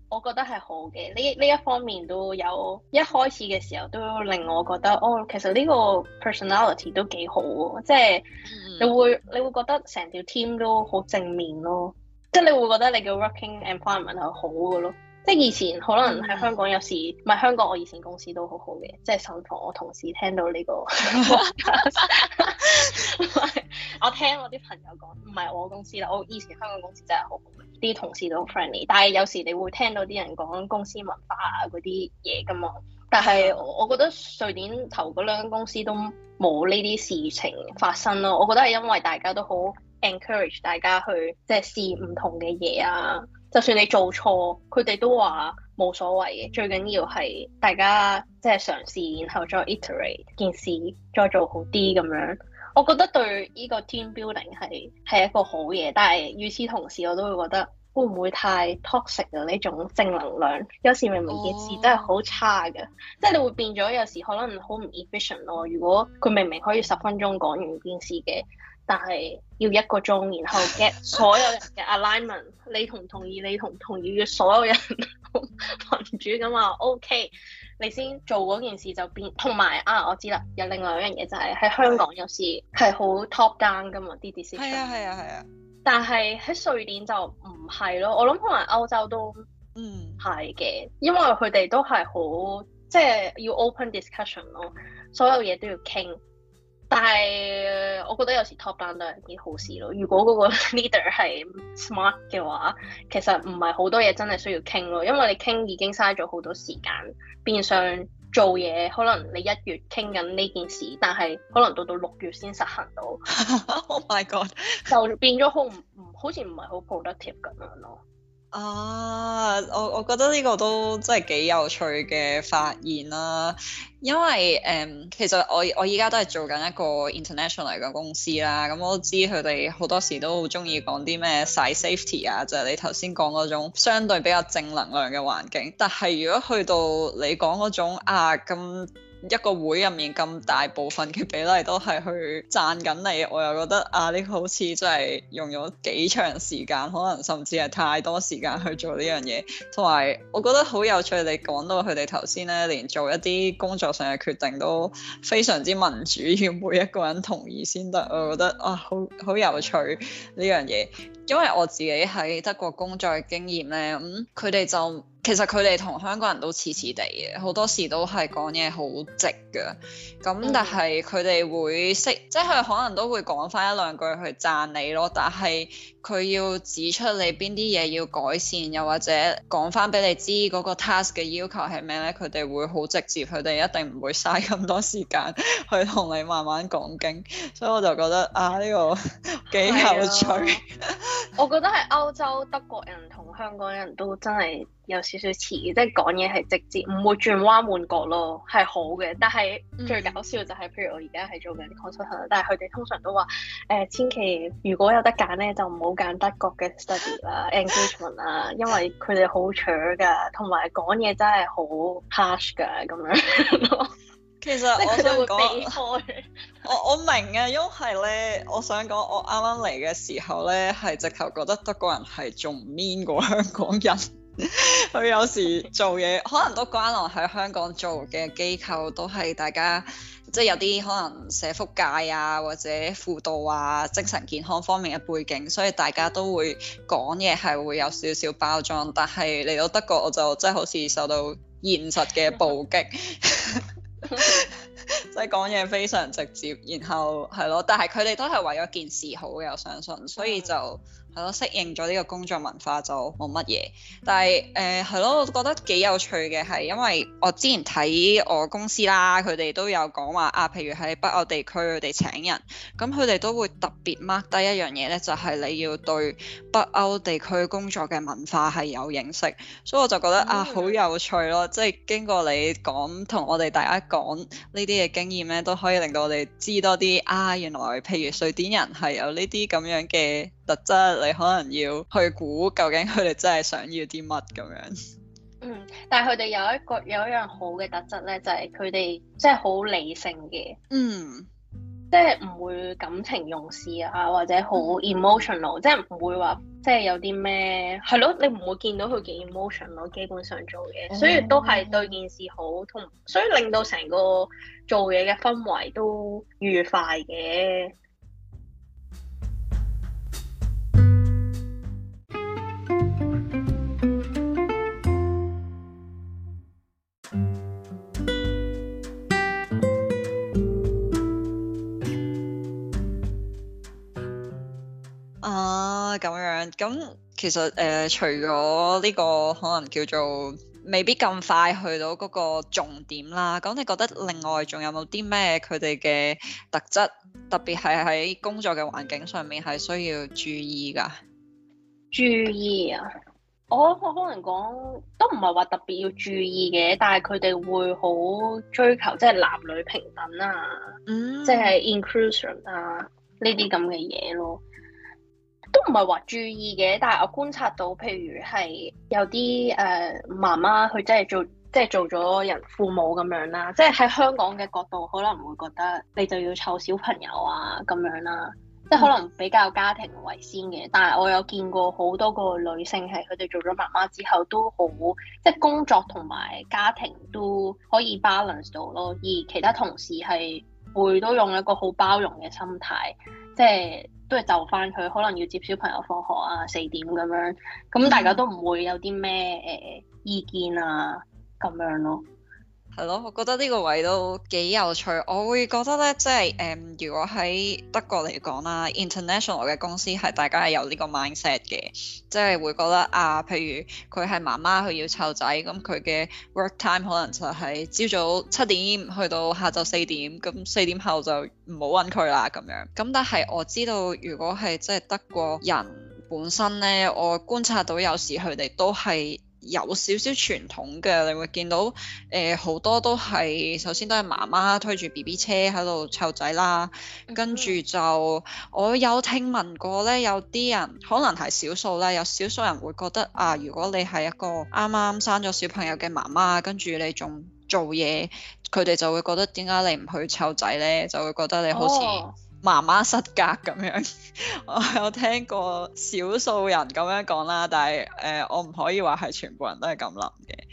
我覺得係好嘅，呢呢一方面都有一開始嘅時候都令我覺得哦，其實呢個 personality 都幾好喎，即係你會你會覺得成條 team 都好正面咯，即係你會覺得你嘅 working environment 係好嘅咯。即係以前可能喺香港有時，唔係香港，我以前公司都好好嘅，即係信訪我同事聽到呢、這個， 我聽我啲朋友講，唔係我公司啦，我以前香港公司真係好好嘅，啲同事都好 friendly，但係有時你會聽到啲人講公司文化啊嗰啲嘢噶嘛，但係我，我覺得瑞典頭嗰兩間公司都冇呢啲事情發生咯，我覺得係因為大家都好 encourage 大家去即係試唔同嘅嘢啊。就算你做錯，佢哋都話冇所謂嘅。最緊要係大家即係嘗試，然後再 iterate 件事，再做好啲咁樣。我覺得對呢個 team building 係係一個好嘢，但係與此同時，我都會覺得會唔會太 toxic 啊？呢種正能量，有時明明件事真係好差㗎，oh. 即係你會變咗有時可能好唔 efficient 咯。如果佢明明可以十分鐘講完件事嘅。但係要一個鐘，然後 get 所有人嘅 alignment， 你同唔同意，你同唔同意嘅所有人民主咁話 OK，你先做嗰件事就變。同埋啊，我知啦，有另外有一樣嘢就係、係、喺香港有時係好 top down 噶嘛啲 decision。係啊係啊，係啊，但係喺瑞典就唔係咯，我諗可能歐洲都唔係嘅，嗯、因為佢哋都係好即係要 open discussion 咯，所有嘢都要傾。但係，我覺得有時 top down 都係件好事咯。如果嗰個 leader 係 smart 嘅話，其實唔係好多嘢真係需要傾咯，因為你傾已經嘥咗好多時間，變相做嘢可能你一月傾緊呢件事，但係可能到到六月先實行到。 Oh my god！ 就變咗好唔唔，好似唔係好 productive 咁樣咯。啊，uh, 我我覺得呢個都真係幾有趣嘅發現啦，啊，因為誒、呃，其實我我依家都係做緊一個 international 嚟嘅公司啦，咁我都知佢哋好多時都好鍾意講啲咩 side safety 啊，就係、是、你頭先講嗰種相對比較正能量嘅環境，但係如果去到你講嗰種啊咁。一個會入面咁大部分嘅比例都係去讚緊你，我又覺得啊，你、這個、好似真係用咗幾長時間，可能甚至係太多時間去做呢樣嘢。同埋我覺得好有趣，你講到佢哋頭先咧，連做一啲工作上嘅決定都非常之民主，要每一個人同意先得。我覺得啊，好好有趣呢樣嘢。因為我自己喺德國工作嘅經驗咧，咁佢哋就～其實佢哋同香港人都似似地嘅，好多時都係講嘢好直㗎。咁但係佢哋會識，即係可能都會講翻一兩句去讚你咯。但係佢要指出你邊啲嘢要改善，又或者講翻俾你知嗰個 task 嘅要求係咩咧，佢哋會好直接，佢哋一定唔會嘥咁多時間 去同你慢慢講經。所以我就覺得啊，呢、呢個 幾有趣水。啊、 我覺得係歐洲德國人同香港人都真係。有少少似，即係講嘢係直接，唔、嗯、會轉彎換角咯，係好嘅。但係最搞笑就係，嗯、譬如我而家係做緊 consultant 但係佢哋通常都話：誒、呃，千祈如果有得揀咧，就唔好揀德國嘅 study 啦、啊、engagement 啦，因為佢哋好搶㗎，同埋講嘢真係好 harsh 㗎咁樣 其實我想講， 我我明啊，因為咧，我想講我啱啱嚟嘅時候咧，係直頭覺得德國人係仲 mean 過香港人。佢 有時做嘢 可能都關我喺香港做嘅機構，都係大家即係有啲可能社福界啊，或者輔導啊、精神健康方面嘅背景，所以大家都會講嘢係會有少少包裝。但係嚟到德國，我就真係好似受到現實嘅暴擊，即係講嘢非常直接。然後係咯，但係佢哋都係為咗件事好嘅，我相信，所以就。 係咯，適應咗呢個工作文化就冇乜嘢。但係誒係咯，我覺得幾有趣嘅係，因為我之前睇我公司啦，佢哋都有講話啊，譬如喺北歐地區佢哋請人，咁佢哋都會特別 mark 低一樣嘢咧，就係你要對北歐地區工作嘅文化係有認識。所以我就覺得 Yeah. 啊，好有趣咯，即係經過你講同我哋大家講呢啲嘅經驗咧，都可以令到我哋知多啲啊。原來譬如瑞典人係有呢啲咁樣嘅。特質，你可能要去估究竟佢哋真係想要啲乜咁樣。嗯，但係佢哋有一個有一樣好嘅特質咧，就係佢哋即係好理性嘅。嗯，即係唔會感情用事啊，或者好 emotional，即係唔、嗯、會話即係有啲咩係咯，你唔會見到佢幾 emotional，基本上做嘢，嗯、所以都係對件事好，同所以令到成個做嘢嘅氛圍都愉快嘅。咁樣，咁其實誒、呃，除咗呢、這個可能叫做未必咁快去到嗰個重點啦，咁你覺得另外仲有冇啲咩佢哋嘅特質，特別係喺工作嘅環境上面係需要注意㗎？注意啊，我我可能講都唔係話特別要注意嘅，但係佢哋會好追求即係、就是、男女平等啊，即係、嗯、inclusion 啊呢啲咁嘅嘢咯。都唔係話注意嘅，但係我觀察到，譬如係有啲誒、呃、媽媽，佢真係做即係、就是、做咗人父母咁樣啦，即係喺香港嘅角度可能會覺得你就要湊小朋友啊咁樣啦，即、就、係、是、可能比較家庭為先嘅。嗯、但係我有見過好多個女性係佢哋做咗媽媽之後都，都好即係工作同埋家庭都可以 balance 到咯。而其他同事係會都用一個好包容嘅心態，即、就、係、是。都係就翻佢，可能要接小朋友放學啊，四點咁樣。咁大家都唔會有啲咩誒意見啊，咁樣咯。係咯，我覺得呢個位都幾有趣。我會覺得呢，即係誒、嗯，如果喺德國嚟講啦，international 嘅公司係大家係有呢個 mindset 嘅，即係會覺得啊，譬如佢係媽媽，佢要湊仔，咁佢嘅 work time 可能就係朝早七點去到下晝四點，咁四點後就唔好揾佢啦咁樣。咁但係我知道，如果係即係德國人本身呢，我觀察到有時佢哋都係，有少少傳統嘅，你會見到誒，呃，好多都係首先都係媽媽推住 BB 車喺度湊仔啦，跟住就我有聽聞過咧，有啲人可能係少數啦，有少數人會覺得啊，如果你係一個啱啱生咗小朋友嘅媽媽，跟住你仲做嘢，佢哋就會覺得點解你唔去湊仔咧？就會覺得你好似，哦媽媽失格咁樣， 我有聽過少數人咁樣講啦，但係誒、呃、我唔可以話係全部人都係咁諗嘅。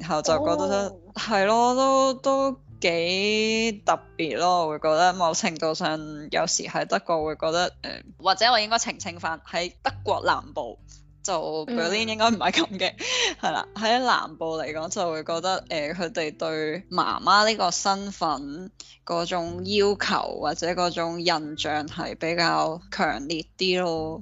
然後就覺得係咯、oh.，都都幾特別咯。我會覺得某程度上有時喺德國會覺得誒、呃，或者我應該澄清翻喺德國南部。就 Berlin 應該唔係咁嘅，係啦、嗯，喺 南部嚟講就會覺得誒佢哋對媽媽呢個身份嗰種要求或者嗰種印象係比較強烈啲咯，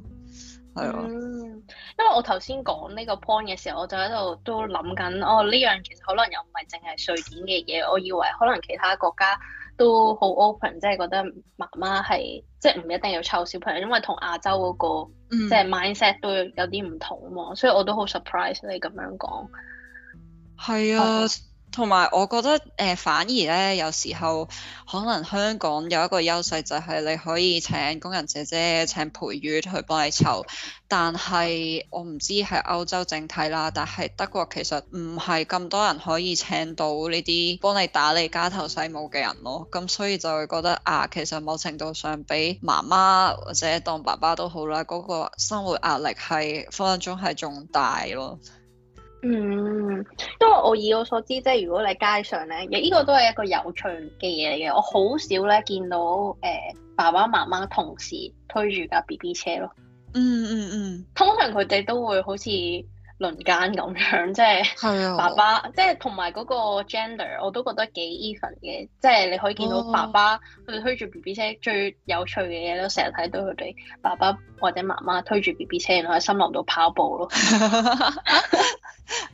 係咯、嗯，因為我頭先講呢個 point 嘅時候，我就喺度都諗緊，哦呢樣其實可能又唔係淨係瑞典嘅嘢，我以為可能其他國家。都好 open，即係覺得媽媽係，即係唔一定要湊小朋友，因為同亞洲嗰個，嗯，即係 mindset 都有啲唔同啊嘛，所以我都好 surprise 你咁樣講。係啊。Okay. 同埋我覺得誒、呃，反而咧有時候可能香港有一個優勢就係你可以請工人姐姐、請陪月去幫你湊，但係我唔知係歐洲整體啦，但係德國其實唔係咁多人可以請到呢啲幫你打理家頭細務嘅人咯，咁所以就會覺得啊，其實某程度上比媽媽或者當爸爸都好啦，嗰、那個生活壓力係分分鐘係仲大咯。嗯，因為我以我所知，即係如果你街上咧，呢、這個都係一個有趣嘅嘢嚟嘅。我好少咧見到誒、呃、爸爸媽媽同時推住架 BB 車咯。嗯嗯嗯，嗯嗯通常佢哋都會好似。輪間咁樣，即係爸爸，的即係同埋嗰個 gender，我都覺得幾 even 嘅。即係你可以見到爸爸佢、哦、推住 BB 車，最有趣嘅嘢都成日睇到佢哋爸爸或者媽媽推住 BB 車，然後喺森林度跑步咯，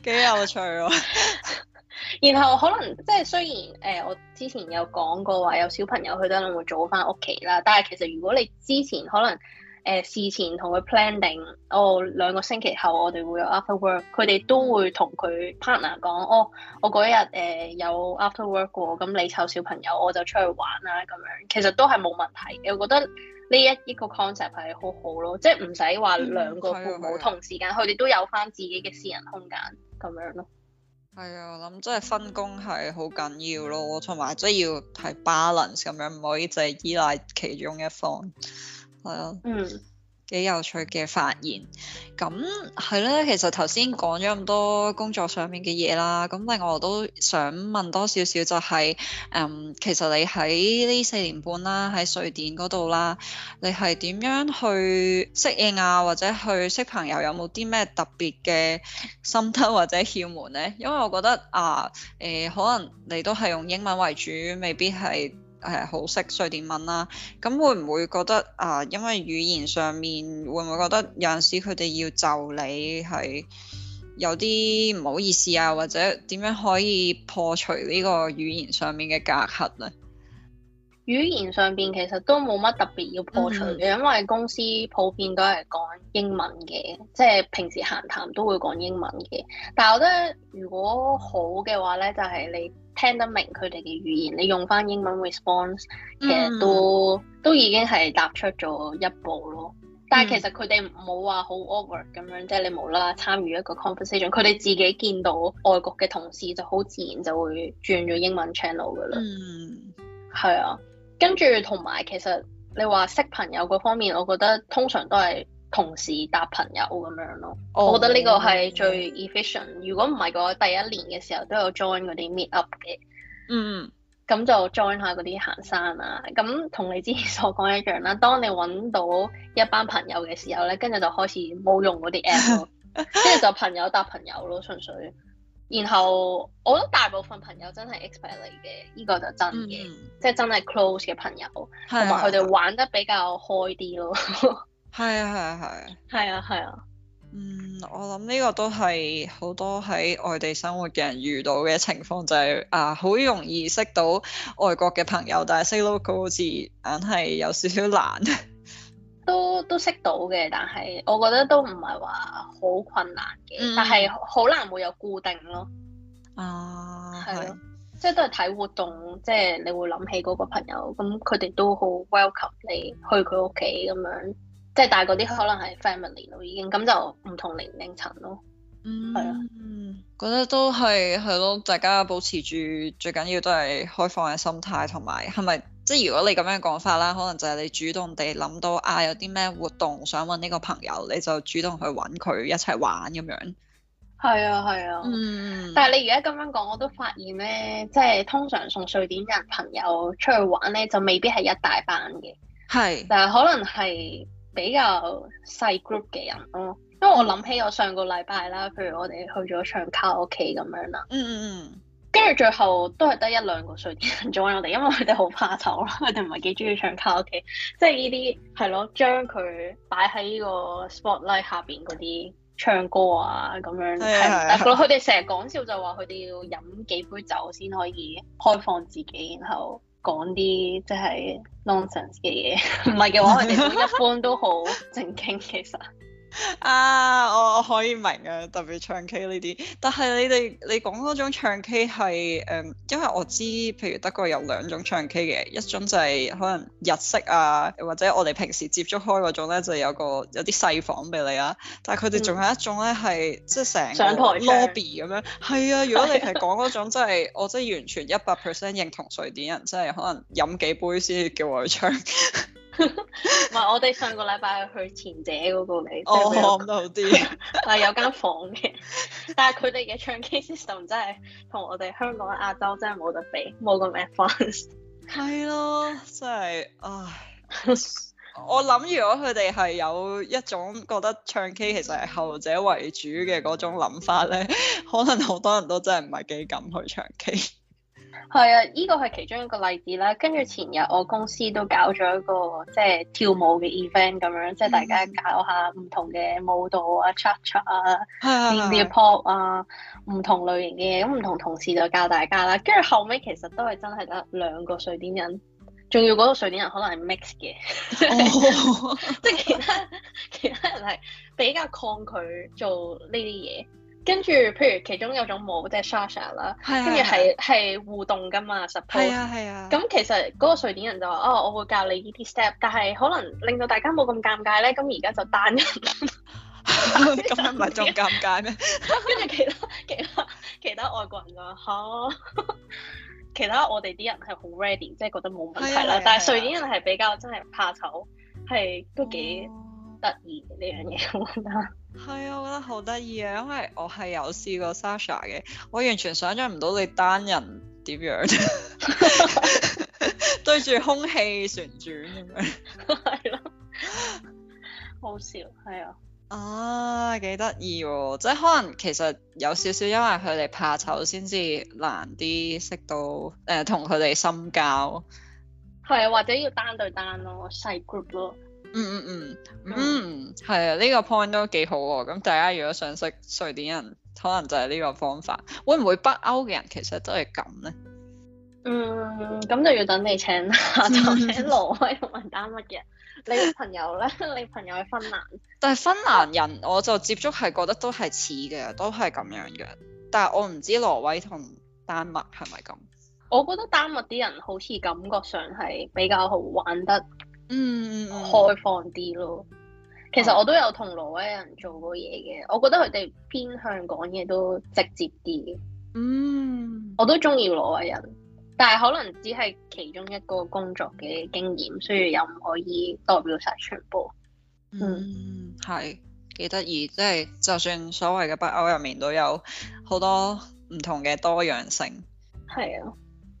幾有趣喎、啊！ 然後可能即係雖然誒、呃，我之前有講過話有小朋友去得諗會早翻屋企啦，但係其實如果你之前可能。誒、呃、事前同佢 plan 定，我、哦、兩個星期後我哋會有 after work，佢哋都會同佢 partner 講，哦，我嗰日誒有 after work 喎，咁你湊小朋友，我就出去玩啦咁樣，其實都係冇問題嘅，我覺得呢一呢個 concept 係好好咯，即係唔使話兩個父母、嗯、同時間，佢哋都有翻自己嘅私人空間咁樣咯。係啊，我諗真係分工係好緊要咯，同埋即係要係 balance 咁樣，唔可以淨係依賴其中一方。係咯，嗯，幾有趣嘅發言。咁係啦，其實頭先講咗咁多工作上面嘅嘢啦，咁另外我都想問多少少就係，誒，嗯，其實你喺呢四年半啦，喺瑞典嗰度啦，你係點樣去適應啊？或者去識朋友，有冇啲咩特別嘅心得或者竅門呢？因為我覺得啊，誒、呃，可能你都係用英文為主，未必係。係好識，所以點問啦、啊？咁會唔會覺得啊？因為語言上面，會唔會覺得有陣時佢哋要就你係有啲唔好意思啊？或者點樣可以破除呢個語言上面嘅隔閡呢？語言上面其實都冇乜特別要破除嘅，嗯、因為公司普遍都係講英文嘅，即、就、係、係、平時閒談都會講英文嘅。但係我覺得如果好嘅話呢，就係、係、你。聽得明佢哋嘅語言，你用翻英文 response，其實都都已經係踏出咗一步咯。但係其實佢哋冇話好 over 咁樣，即係你無啦啦參與一個 conversation，佢哋自己見到外國嘅同事就好自然就會轉咗英文 channel 㗎喇。嗯，係啊。跟住同埋其實你話識朋友嗰方面，我覺得通常都係。同時搭朋友咁樣咯，oh, 我覺得呢個係最 efficient。yeah. 如果唔係，個第一年嘅時候都有 join 嗰啲 meet up 嘅，嗯，咁就 join 下嗰啲行山啊。咁同你之前所講一樣啦，當你揾到一班朋友嘅時候咧，跟住就開始冇用嗰啲 app 咯，跟住 就朋友搭朋友咯，純粹。然後我覺得大部分朋友真係 expect 嚟嘅，呢、呢個就真嘅，mm. 即係真係 close 嘅朋友，同埋佢哋玩得比較開啲咯。 係啊係啊係。係啊係啊。啊啊啊嗯，我諗呢個都係好多喺外地生活嘅人遇到嘅情況，就係、是、啊好容易識到外國嘅朋友，但係識，識到個字硬係有少少難。都都識到嘅，但係我覺得都唔係話好困難嘅，嗯、但係好難會有固定咯。啊。係。即係都係睇活動，即、就、係、是、你會諗起嗰個朋友，咁佢哋都好 welcome 你去佢屋企咁樣。即係大嗰啲可能係 family 咯。已經咁就唔同年齡層咯。嗯，係啊的，覺得都係係咯，大家保持住最緊要都係開放嘅心態，同埋係咪即係如果你咁樣講法啦，可能就係你主動地諗到啊，有啲咩活動想揾呢個朋友，你就主動去揾佢一齊玩咁樣。係啊，係啊。嗯。但係你而家咁樣講，我都發現呢，即係通常同瑞典人朋友出去玩呢，就未必係一大班嘅。係的。就係可能係。比較細 group 嘅人咯，嗯、因為我諗起我上個禮拜啦，譬如我哋去咗唱卡拉 OK 咁樣啦。嗯嗯嗯。跟住最後都係得一兩個熟人 join 我哋，因為佢哋好怕醜咯，佢哋唔係幾中意唱卡拉 OK，即係呢啲係咯，將佢擺喺呢個 spotlight 下邊嗰啲唱歌啊咁樣係唔得嘅咯。佢哋成日講笑就話佢哋要飲幾杯酒先可以開放自己，然後，講啲即係 nonsense 嘅嘢，唔係嘅話，佢哋 一般都好正經，其實。啊，我我可以明啊，特別唱 K 呢啲。但係你哋你講嗰種唱 K 係誒、嗯，因為我知，譬如德國有兩種唱 K 嘅，一種就係可能日式啊，或者我哋平時接觸開嗰種咧，就係、有個有啲細房俾你啊。但係佢哋仲有一種咧，係即係成個 lobby 咁樣。係啊，如果你係講嗰種，真係 我真係完全一百 percent 認同瑞典人，真、就、係、係、可能飲幾杯先叫我去唱。 唔係， 我哋上個禮拜去前者嗰、那個嚟，安安都啲，係 有間房嘅。 但係佢哋嘅唱 K system 真係同我哋香港亞洲真係冇得比，冇咁 advanced。係咯，真係，唉，我諗如果佢哋係有一種覺得唱 K 其實係後者為主嘅嗰種諗法咧， 可能好多人都真係唔係幾敢去唱 K。係啊，呢、這個係其中一個例子啦。跟住前日我公司都搞咗一個即係、就是、跳舞嘅 event 咁樣，即、就、係、是、大家搞下唔同嘅舞蹈啊 Ch，cha cha 啊 indie pop 啊，唔的同類型嘅嘢。咁唔同同事就教大家啦。跟住後尾其實都係真係得兩個瑞典人，仲要嗰個瑞典人可能係 mix 嘅，即係其他其他人係比較抗拒做呢啲嘢。跟住，譬如其中有種舞即係 Sasha 啦，跟住係係互動噶嘛，suppose。係啊係啊。咁其實嗰個瑞典人就話：哦，我會教你 easy step，但係可能令到大家冇咁尷尬咧。咁而家就單人。咁唔係仲尷尬咩？跟住其他其他其他外國人就話嚇，其他我哋啲人係好 ready，即係覺得冇問題啦。但係瑞典人係比較真係怕醜，係都幾得意嘅呢樣嘢啦。係啊，我覺得好得意啊，因為我係有試過 Sasha 嘅，我完全想像唔到你單人點樣 對住空氣旋轉咁樣，係咯，好笑，係啊，啊幾得意喎！即係可能其實有少少因為佢哋怕醜先至難啲識到，誒同佢哋深交，係啊或者要單對單咯，細 group 咯。嗯嗯嗯，嗯嗯，係啊、嗯，呢、嗯呢個 point 都幾好喎。咁大家如果想識瑞典人，可能就係呢個方法。會唔會北歐嘅人其實都係咁呢？嗯，咁就要等你請啦。 就請挪威同埋丹麥嘅。你朋友咧？ 你朋友係芬蘭。但係芬蘭人我就接觸係覺得都係似嘅，都係咁樣嘅。但係我唔知挪威同丹麥係咪咁。我覺得丹麥啲人好似感覺上係比較好玩得。嗯，開放啲咯。其實我都有同挪威人做過嘢嘅，我覺得佢哋偏向講嘢都直接啲。嗯，我都中意挪威人，但係可能只係其中一個工作嘅經驗，所以又唔可以代表晒全部。嗯，係幾得意，即係、就係、就算所謂嘅北歐入面都有好多唔同嘅多樣性。係、嗯、啊。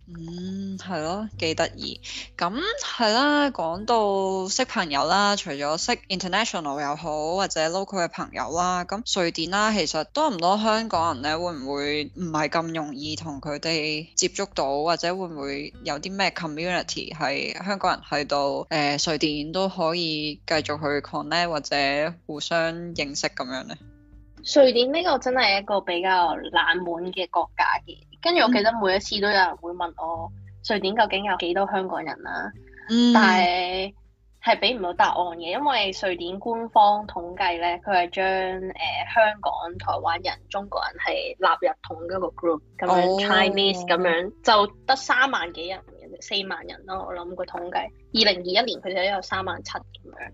嗯，係咯，幾得意。咁係啦，講到識朋友啦，除咗識 international 又好，或者 local 嘅朋友啦，咁瑞典啦、啊，其實多唔多香港人咧，會唔會唔係咁容易同佢哋接觸到，或者會唔會有啲咩 community 係香港人去到誒瑞典都可以繼續去 connect 或者互相認識咁樣呢？瑞典呢個真係一個比較冷門嘅國家嘅，跟住我記得每一次都有人會問我，瑞典究竟有幾多香港人啦、啊？嗯、但係係俾唔到答案嘅，因為瑞典官方統計呢，佢係將誒、呃、香港、台灣人、中國人係納入同一個 group 咁樣、哦、Chinese 咁樣，就得三萬幾人，四萬人咯。我諗個統計二零二一年佢哋都有三萬七咁樣。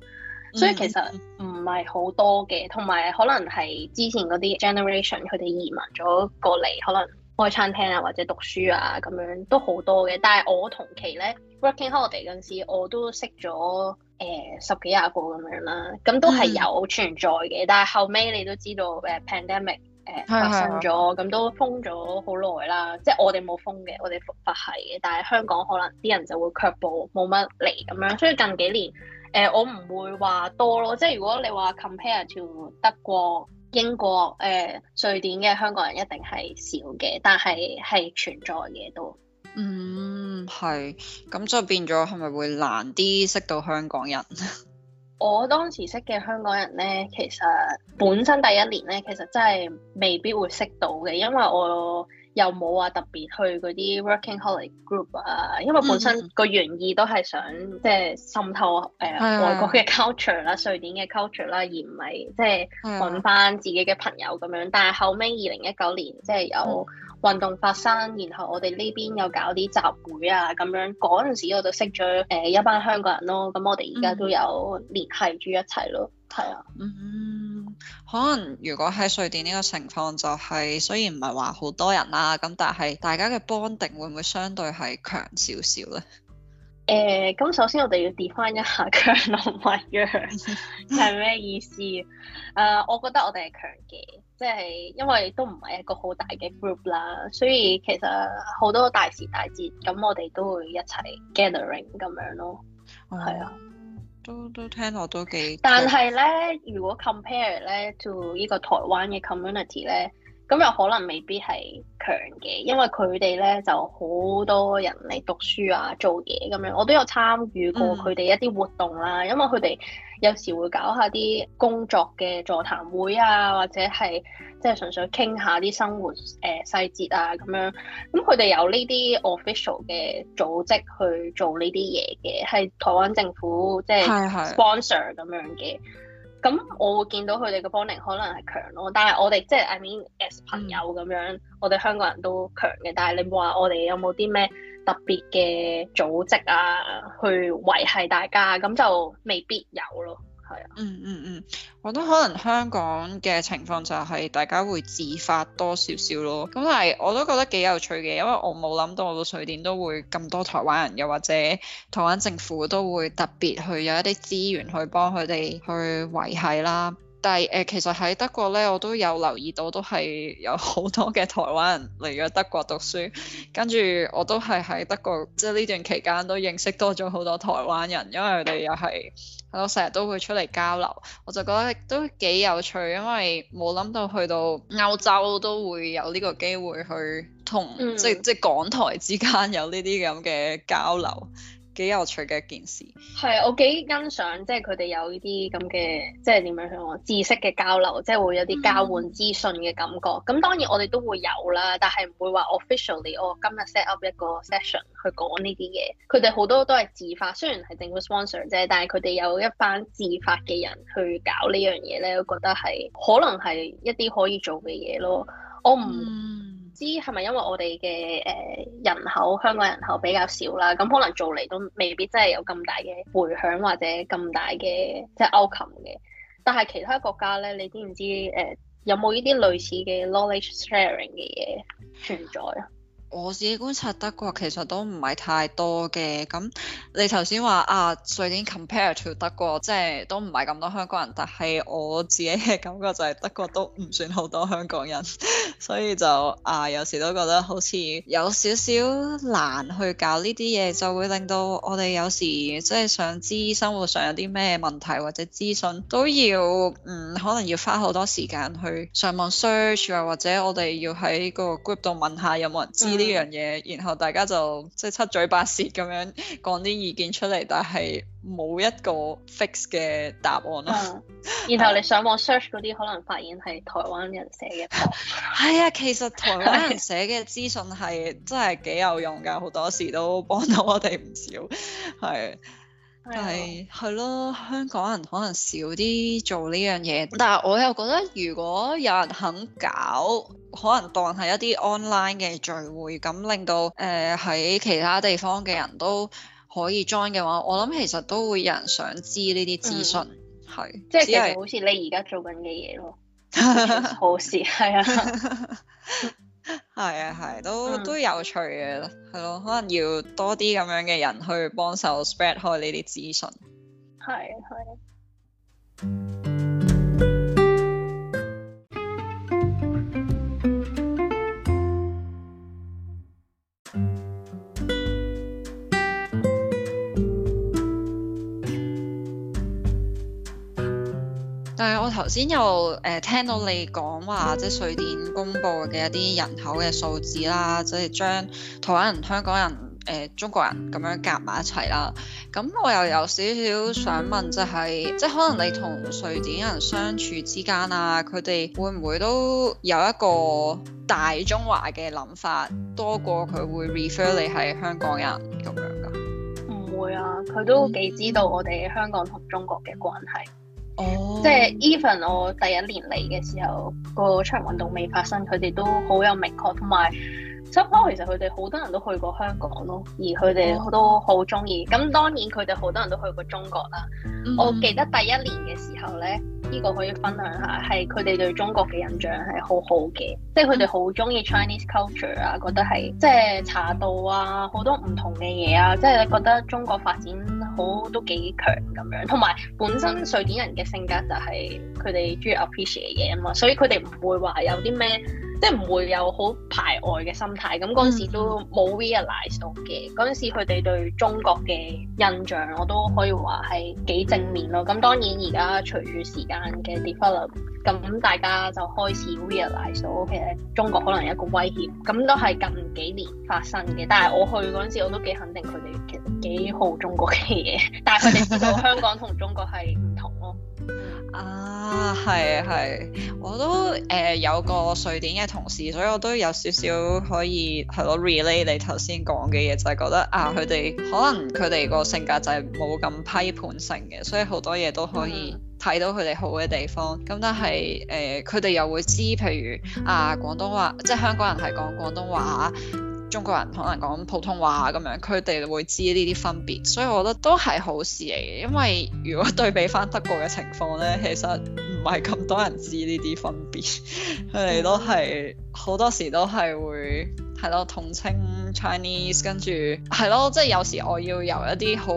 所以其實唔係好多嘅，同埋可能係之前嗰啲 generation 佢哋移民咗過嚟，可能開餐廳啊或者讀書啊咁樣都好多嘅。但係我同期呢 working holiday 嗰陣時，我都識咗誒、呃、十幾廿個咁樣啦，咁都係有存在嘅。的但係後尾你都知道誒、呃、pandemic 誒、呃、發生咗，咁的都封咗好耐啦。即係我哋冇封嘅，我哋佛系嘅，但係香港可能啲人就會卻步，冇乜嚟咁樣。所以近幾年。誒、呃、我唔會話多咯，即係如果你話 compare to 德國、英國、誒、呃、瑞典嘅香港人一定係少嘅，但係係存在嘅都。嗯，係，咁就變咗係咪會難啲識到香港人？ 我當時識嘅香港人咧，其實本身第一年咧，其實真係未必會識到嘅，因為我。又冇話特別去嗰啲 working holiday group 啊，因為本身個原意都係想、嗯、即係滲透誒、呃、的外國嘅 culture 啦、瑞典嘅 culture 啦，而唔係即係揾翻自己嘅朋友咁樣。但係後尾二零一九年即係有運動發生，嗯、然後我哋呢邊又搞啲集會啊咁樣，嗰陣時我就識咗誒、呃、一班香港人咯。咁我哋而家都有聯繫住一齊咯。係啊，嗯。的可能如果喺瑞典呢個情況就係、是，雖然唔係話好多人啦，咁但係大家嘅 bonding 會唔會相對係強少少呢？誒、呃，咁首先我哋要 define 一下強同弱係咩意思？誒、uh，我覺得我哋係強嘅，即、就、係、是、因為都唔係一個好大嘅 group 啦，所以其實好多大時大節咁我哋都會一齊 gathering 咁樣咯，係、嗯、啊。都都聽落都幾，但係咧，如果 compare 咧，就呢個台灣嘅 community 咧。咁又可能未必係強嘅，因為佢哋咧就好多人嚟讀書啊、做嘢咁樣，我都有參與過佢哋一啲活動啦，嗯、因為佢哋有時會搞下啲工作嘅座談會啊，或者係即係純粹傾下啲生活誒細節啊咁樣，咁佢哋有呢啲 official 嘅組織去做呢啲嘢嘅，係台灣政府即係、就是、sponsor 咁是樣嘅。咁我會見到佢哋嘅 b o 可能係強咯，但係我哋即係 I mean as 朋友咁樣，嗯、我哋香港人都強嘅，但係你話我哋有冇啲咩特別嘅組織啊去維係大家咁就未必有咯。嗯嗯嗯，我覺得可能香港嘅情況就係大家會自發多少少咯。咁但係我都覺得幾有趣嘅，因為我冇諗到我到瑞典都會咁多台灣人，又或者台灣政府都會特別去有一啲資源去幫佢哋去維繫啦。但係誒、呃，其實喺德國咧，我都有留意到，都係有好多嘅台灣人嚟咗德國讀書，跟住我都係喺德國，即係呢段期間都認識多咗好多台灣人，因為佢哋又係係咯，成日都會出嚟交流，我就覺得都幾有趣，因為冇諗到去到歐洲都會有呢個機會去同、嗯、即係即係港台之間有呢啲咁嘅交流。幾有趣嘅一件事，係我幾欣賞，即係佢哋有呢啲咁嘅，即係點樣講啊？知識嘅交流，即係會有啲交換資訊嘅感覺。咁、嗯、當然我哋都會有啦，但係唔會話 officially 我今日 set up 一個 session 去講呢啲嘢。佢哋好多都係自發，雖然係政府 sponsor 啫，但係佢哋有一班自發嘅人去搞呢樣嘢咧，我覺得係可能係一啲可以做嘅嘢咯。我唔，嗯知係咪因為我哋嘅，誒，人口香港人口比較少啦，咁可能做嚟都未必真係有咁大嘅迴響或者咁大嘅即係 outcome 嘅。但係其他國家咧，你知唔知誒，有冇呢啲類似嘅 knowledge sharing 嘅嘢存在啊？我自己觀察德國其實都唔係太多嘅，咁你頭先話啊瑞典 compare to 德國，即係都唔係咁多香港人，但係我自己嘅感覺就係德國都唔算好多香港人，所以就啊有時都覺得好似有少少難去搞呢啲嘢，就會令到我哋有時即係想知生活上有啲咩問題，或者資訊都要，嗯，可能要花好多時間去上網 search 啊，或者我哋要喺個 group 度問下有冇人知。呢樣嘢，然後大家就即係七嘴八舌咁樣講啲意見出嚟，但係冇一個 fix 嘅答案咯、嗯。然後你上網 search 嗰啲， 可能發現係台灣人寫嘅。係 啊，其實台灣人寫嘅資訊係真係幾有用㗎，好多時都幫到我哋唔少，係。係，係咯，香港人可能少啲做呢樣嘢。但係我又覺得，如果有人肯搞，可能當係一啲 online 嘅聚會，咁令到誒喺、呃、其他地方嘅人都可以 join 嘅話，我諗其實都會有人想知呢啲資訊。係、嗯。的即係其實好似你而家做緊嘅嘢咯， 好事係啊。 係啊，係都都有趣嘅，係咯，嗯，可能要多啲咁樣嘅人去幫手 spread 開呢啲資訊。係，係。係，我頭先又誒、呃、聽到你講話，即係瑞典公布嘅一啲人口嘅數字啦，即係將台灣人、香港人、誒、呃、中國人咁樣夾埋一齊啦。咁我又有少少想問、就係，就係即係可能你同瑞典人相處之間啊，佢哋會唔會都有一個大中華嘅諗法，多過佢會 refer 你係香港人咁樣㗎？唔會啊，佢都幾知道我哋香港同中國嘅關係。即係 even、oh。我第一年嚟嘅時候，嗰個出運動未發生，佢哋都好有明確同埋。所以其實佢哋好多人都去過香港咯，而佢哋都好中意。咁當然佢哋好多人都去過中國啦。Mm hmm. 我記得第一年嘅時候呢，呢、呢個可以分享下，係佢哋對中國嘅印象係好好嘅，即係佢哋好中意 Chinese culture 啊，覺得係即係茶道啊，好多唔同嘅嘢啊，即係覺得中國發展好都幾強咁樣。同埋本身瑞典人嘅性格就係佢哋中意 appreciate 嘢啊嘛，所以佢哋唔會話有啲咩。即係唔會有好排外嘅心態，咁嗰陣時都冇 realise 到嘅。嗰陣時佢哋對中國嘅印象，我都可以話係幾正面咯。咁當然而家隨住時間嘅 develop，咁大家就開始 realise 到其實中國可能一個威脅。咁都係近幾年發生嘅。但係我去嗰陣時，我都幾肯定佢哋其實幾好中國嘅嘢。但係佢哋知道香港同中國係唔同咯。 啊，係係，我都誒、呃，有個瑞典嘅同事，所以我都有少少可以係咯 relate 你頭先講嘅嘢，就係、是、覺得啊，佢哋可能佢哋個性格就係冇咁批判性嘅，所以好多嘢都可以睇到佢哋好嘅地方。咁、嗯、但係，誒、呃，佢哋又會知，譬如啊，廣東話，即係香港人係講廣東話。中國人可能講普通話咁樣，佢哋會知呢啲分別，所以我覺得都係好事嚟嘅。因為如果對比翻德國嘅情況呢，其實唔係咁多人知呢啲分別，佢哋都係好、嗯、多時都係會係咯統稱 Chinese，跟住係咯，即係、就是、有時我要由一啲好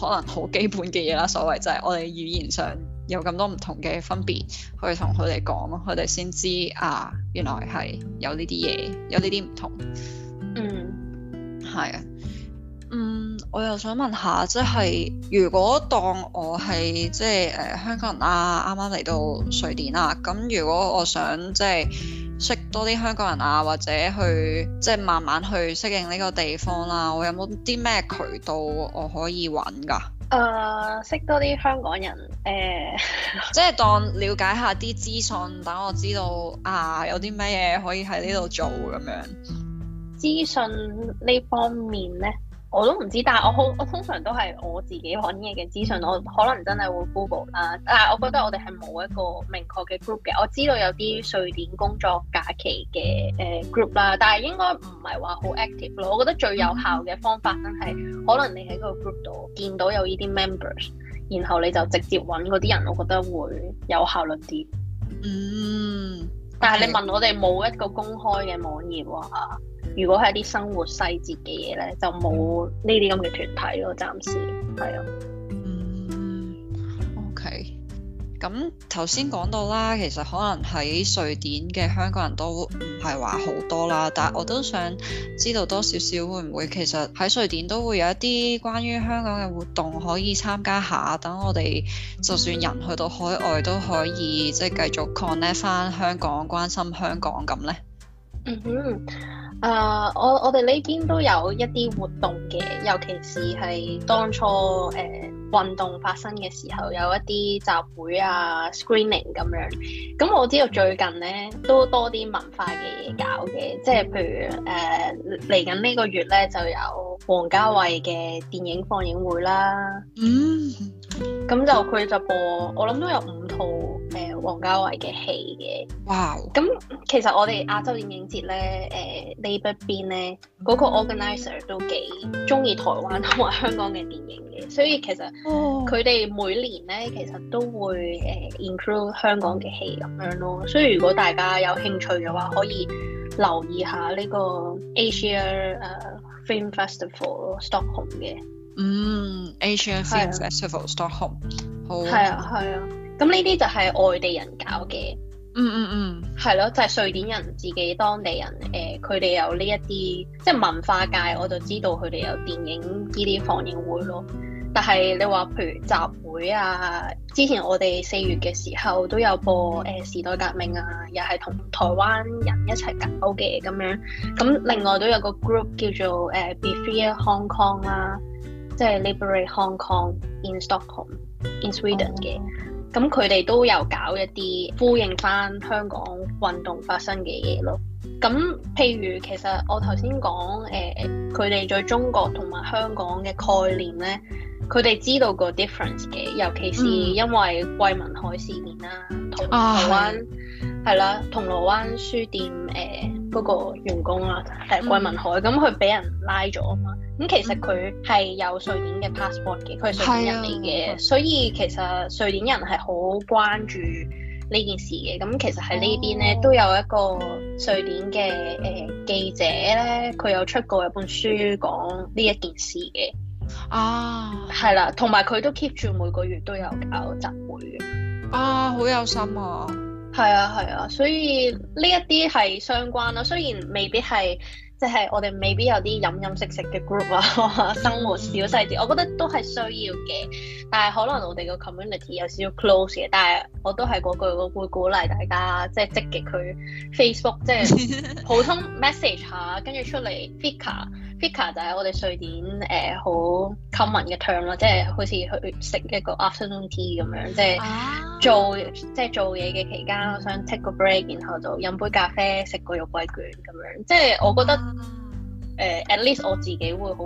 可能好基本嘅嘢啦，所謂就係我哋語言上有咁多唔同嘅分別，去同佢哋講咯，佢哋先知啊，原來係有呢啲嘢，有呢啲唔同。嗯，係啊，嗯，我又想問下，即係如果當我係即係誒、呃、香港人啊，啱啱嚟到瑞典啊，咁、嗯、如果我想即係識多啲香港人啊，或者去即係慢慢去適應呢個地方啦、啊，我有冇啲咩渠道我可以揾噶？誒、呃，識多啲香港人誒，呃、 即係當了解一下啲資訊，等我知道啊有啲咩嘢可以喺呢度做咁樣。資訊呢方面呢，我都唔知。但係我好，我通常都係我自己揾嘢嘅資訊。我可能真係會 Google 啦。但係我覺得我哋係冇一個明確嘅 group 嘅。我知道有啲瑞典工作假期嘅誒 group 啦，但係應該唔係話好 active 咯。我覺得最有效嘅方法真係，嗯，可能你喺個 group 度見到有呢啲 members，然後你就直接揾嗰啲人，我覺得會有效率啲。嗯，但係你問我哋冇一個公開嘅網頁啊？如果係啲生活細節嘅嘢呢，就冇呢啲咁嘅團體咯。暫時係啊。嗯。Okay。咁頭先講到啦，其實可能喺瑞典嘅香港人都唔係話好多啦，但係我都想知道多少少會唔會其實喺瑞典都會有一啲關於香港嘅活動可以參加下，等我哋就算人去到海外都可以即係繼續 connect 翻香港、關心香港咁呢？嗯哼。啊、uh,！我我哋呢邊都有一啲活動嘅，尤其是係當初誒、uh, 運動發生嘅時候，有一啲集會啊、screening 咁樣。咁我知道最近呢都多啲文化嘅嘢搞嘅，即係譬如誒嚟緊呢個月呢就有王家衛嘅電影放映會啦。嗯、mm。Hmm. 咁就佢就播，我諗都有五套誒王家衛嘅戲嘅。哇、呃！咁 Wow. 其實我哋亞洲電影節咧，誒、呃、呢一邊咧，嗰、那個 organizer 都幾中意台灣同埋香港嘅電影嘅，所以其實佢哋每年咧其實都會誒 include 香港嘅戲咁樣咯。所以如果大家有興趣嘅話，可以留意下呢個 Asia 誒、呃、Film Festival Stockholm 嘅。嗯 Asian Film Festival Stockholm，好，係啊係啊，咁呢啲就係外地人搞嘅、嗯，嗯嗯嗯，係咯、啊，就係、是、瑞典人自己當地人，誒、呃，佢哋有呢一啲，即係文化界我就知道佢哋有電影呢啲放映會咯。但係你話譬如集會啊，之前我哋四月嘅時候都有播誒、呃、時代革命啊，又係同台灣人一齊搞嘅咁樣。咁另外都有個 group 叫做誒、呃、Be Free Hong Kong 啦、啊。即係 Liberate Hong Kong in Stockholm in Sweden 嘅，咁佢哋都有搞一啲呼應翻香港運動發生嘅嘢咯。咁譬如其實我頭先講誒，佢哋在中國同埋香港嘅概念咧，佢哋知道個 difference 嘅，尤其是因為桂民海事件啦、啊，同、oh. 台灣。Oh. 係啦，銅鑼灣書店誒嗰、呃嗰個員工啦、啊，係桂文海，咁佢俾人拉咗啊嘛。咁、嗯、其實佢係有瑞典嘅 passport 嘅，佢係瑞典人嚟嘅，啊、所以其實瑞典人係好關注呢件事嘅。咁其實喺呢邊咧，哦、都有一個瑞典嘅誒、呃、記者咧，佢有出過一本書講呢一件事嘅。啊，係啦，同埋佢都 keep 住每個月都有搞集會啊，好有心啊！係啊係啊，所以呢一啲係相關咯，雖然未必係即係我哋未必有啲飲飲食食嘅 group 啊，生活小細節，我覺得都係需要嘅。但係可能我哋個 community 有少少 close 嘅，但係我都係嗰句，我會鼓勵大家即係、就是、積極去 Facebook，即係普通 message 下，跟住出嚟 V 卡。Fika 就係我哋瑞典誒好 common 嘅 term 咯，即係好似去食一個 afternoon tea 咁樣，即係做、ah. 即係做嘢嘅期間，我想 take 個 break，然後就飲杯咖啡，食個肉桂卷咁樣，即係我覺得誒、ah. 呃、at least 我自己會好。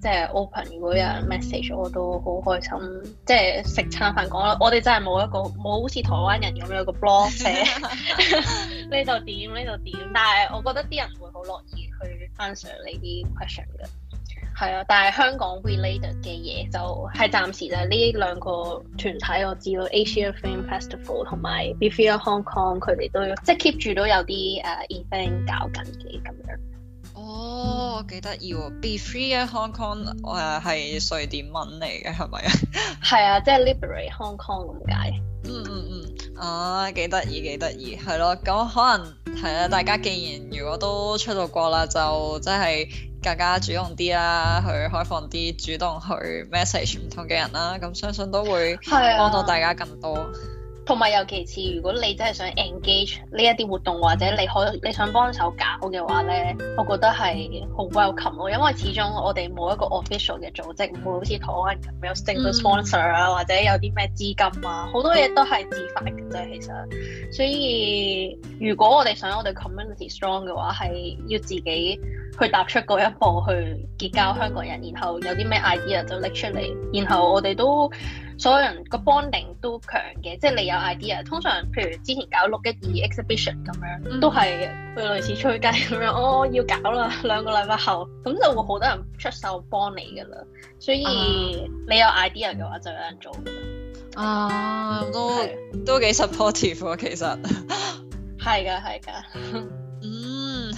即係 open 如果有人 message，我都好開心。即係食餐飯講啦，我哋真係冇一個冇好似台灣人咁樣個 blog 寫呢度點呢度點，但係我覺得啲人會好樂意去翻上呢啲 question 嘅。係啊，但係香港 related 嘅嘢就係、是、暫時就呢兩個團體我知道 Asia Film Festival 同埋 Beefier Hong Kong，佢哋都即係 keep 住都有啲誒、uh, event 搞緊嘅咁樣。哦，幾得意喎！Be free 啊，Hong Kong，誒係、嗯哎、瑞典文嚟嘅係咪啊？係、就、啊、係，即係 liberate Hong Kong 咁解。嗯嗯嗯，啊幾得意幾得意，係咯，咁可能係啊，大家既然如果都出到國啦，就即係更加主動啲啦，去開放啲，主動去 message 唔同嘅人啦，咁相信都會幫到大家更多。嗯嗯嗯嗯。同埋尤其係，如果你真係想 engage 呢一啲活動，或者你可你想幫手搞嘅話咧，我覺得係好 welcome 咯。因為始終我哋冇一個 official 嘅組織，唔會好似台灣咁有 single sponsor 啊，或者有啲咩資金啊，好多嘢都係自發嘅啫。其實，所以如果我哋想我哋 community strong 嘅話，係要自己去踏出嗰一步，去結交香港人，然後有啲咩 idea 就拎出嚟，然後我哋都。所有人個 bonding 都強嘅，即係你有 idea，通常譬如之前搞六一二 exhibition 咁樣，都係去類似吹雞咁樣，哦，要搞啦，兩個禮拜後，咁就會好多人出手幫你噶啦，所以你有 idea 嘅話就有人做㗎啦。啊，的啊，都都幾 supportive 啊，其實係㗎，係 㗎。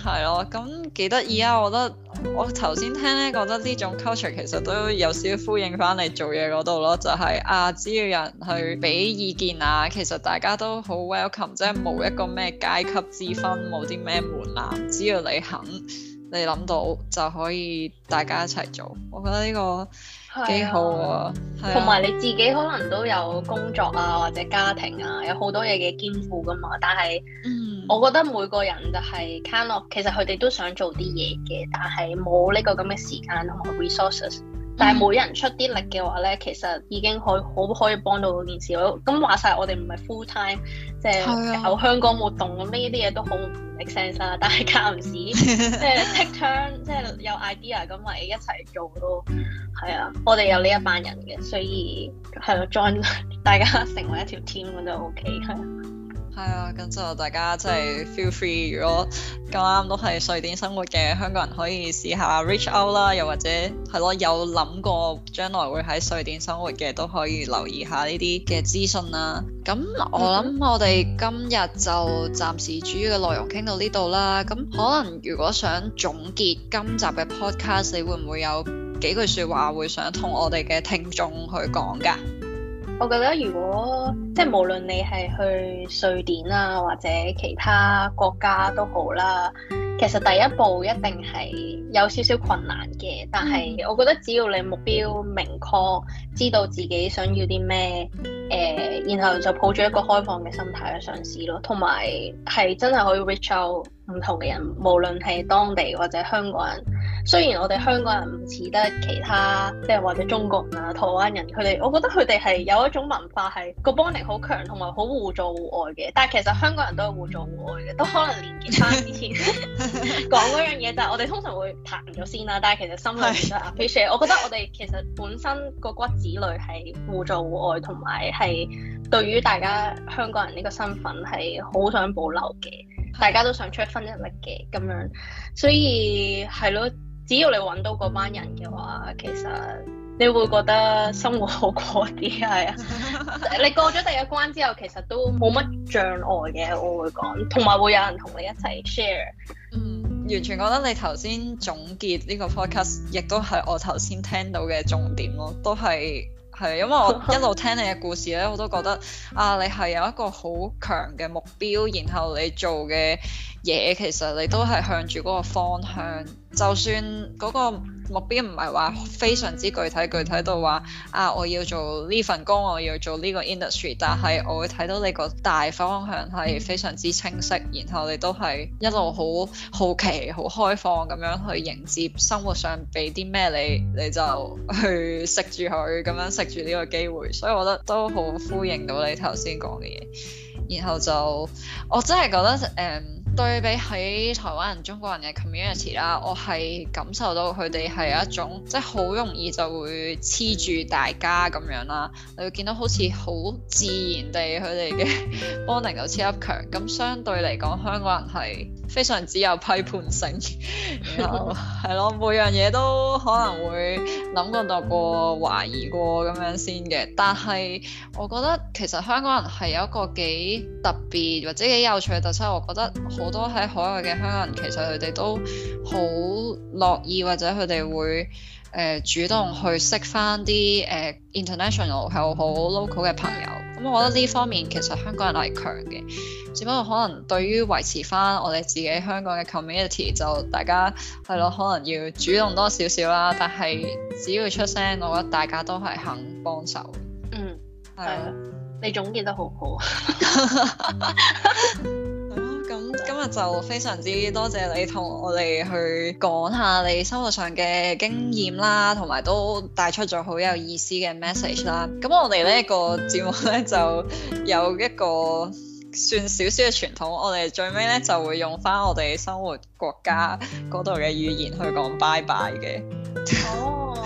係咯，咁幾得意啊！嗯、我覺得我頭先聽咧，覺得呢種 culture 其實都有少少呼應翻你做嘢嗰度咯，就係、是、啊，只要有人去俾意見啊，其實大家都好 welcome，即係冇一個咩階級之分，冇啲咩門檻，只要你肯，你諗到就可以大家一齊做。我覺得呢個幾好啊，同埋、啊、你自己可能都有工作啊，或者家庭啊，有好多嘢嘅兼顧噶嘛，但係嗯。我覺得每個人就係 can 其實佢哋都想做啲嘢嘅，但係冇呢個咁嘅時間同埋 resources。但係每人出啲力嘅話咧，其實已經可以好可以幫到件事咯。咁話晒，我哋唔係 full time，即係喺香港活動咁呢啲嘢都好唔 make sense 啦。但係間唔時， 即係 take turn，即係有 idea 咁咪一齊做咯。係啊，我哋有呢一班人嘅，所以係咯，join 大家成為一條 team 咁就 OK 係。係啊，咁就大家真係 feel free，如果咁啱都係瑞典生活嘅香港人，可以試下 reach out 啦，又或者係咯有諗過將來會喺瑞典生活嘅，都可以留意下呢啲嘅資訊啦。咁我諗我哋今日就暫時主要嘅內容傾到呢度啦。咁可能如果想總結今集嘅 podcast，你會唔會有幾句説話會想同我哋嘅聽眾去講㗎？我覺得如果即係無論你係去瑞典啊或者其他國家都好啦，其實第一步一定係有少少困難嘅，但係我覺得只要你目標明確，知道自己想要啲咩，誒、呃，然後就抱住一個開放嘅心態去嘗試咯，同埋係真係可以 reach out 唔同嘅人，無論係當地或者香港人。雖然我哋香港人唔似得其他，即係或者中國人啊、台灣人，佢哋我覺得佢哋係有一種文化係個幫力好強，同埋好互助互愛嘅。但係其實香港人都係互助互愛嘅，都可能連結返之前講嗰樣嘢，就係 我哋通常會彈咗先啦。但係其實心裡面都阿 p 我覺得我哋其實本身個骨子裏係互助互愛，同埋係對於大家香港人呢個身份係好想保留嘅，大家都想出一分力嘅咁樣，所以係咯。只要你搵到嗰班人嘅話，其實你會覺得生活好過啲，係啊！你過咗第一關之後，其實都冇乜障礙嘅，我會講，同埋會有人同你一齊 share。嗯，完全覺得你頭先總結呢個 podcast 亦都係我頭先聽到嘅重點咯，都係。係因為我一路聽你嘅故事咧，我都覺得啊，你係有一個好強嘅目標，然後你做嘅嘢其實你都係向住嗰個方向，就算嗰個。目標唔係話非常之具體，具體到話啊，我要做呢份工，我要做呢個 industry，但係我會睇到你個大方向係非常之清晰，然後你都係一路好好奇、好開放咁樣去迎接生活上俾啲咩你，你就去食住佢，咁樣食住呢個機會，所以我覺得都好呼應到你頭先講嘅嘢，然後就我真係覺得誒。嗯對比喺台灣人、中國人嘅 community 啦，我係感受到佢哋係一種即係好容易就會黐住大家咁樣啦，你會見到好似好自然地佢哋嘅 bonding 就超級強。咁相對嚟講，香港人係非常之有批判性， 然後係咯，每樣嘢都可能會諗過、度過、懷疑過咁樣先嘅。但係我覺得其實香港人係有一個幾特別或者幾有趣嘅特色，我覺得。好多喺海外嘅香港人，其實佢哋都好樂意，或者佢哋會誒、呃、主動去識翻啲誒 international 又好 local 嘅朋友。咁、嗯、我覺得呢方面其實香港人係強嘅，只不過可能對於維持翻我哋自己香港嘅 community，就大家係咯，可能要主動多少少啦。但係只要出聲，我覺得大家都係肯幫手。嗯，係啊的，你總結得好好。 就非常之多謝你同我哋去講下你生活上嘅經驗啦，同埋都帶出咗好有意思嘅 message 啦。咁我哋呢個節目咧就有一個算少少嘅傳統，我哋最尾咧就會用翻我哋生活國家嗰度嘅語言去講拜拜嘅。哦，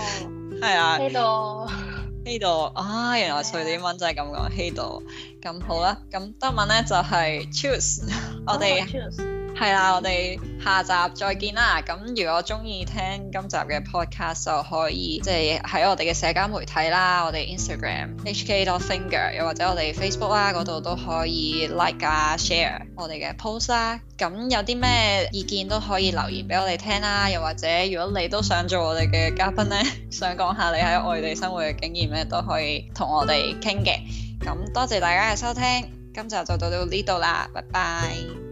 係啊。呢度。呢度啊，hey, ah, Yeah. 原來瑞典文真係咁講，呢度咁好啦，咁德文咧就係 choose，我哋。係啦，我哋下集再見啦。咁如果中意聽今集嘅 podcast，就可以即係喺我哋嘅社交媒體啦，我哋 Instagram hk.finger，又或者我哋 Facebook 啦，嗰度都可以 like 啊，share 我哋嘅 post 啦。咁有啲咩意見都可以留言俾我哋聽啦。又或者如果你都想做我哋嘅嘉賓呢，想講下你喺外地生活嘅經驗咧，都可以同我哋傾嘅。咁多謝大家嘅收聽，今集就到到呢度啦，拜拜。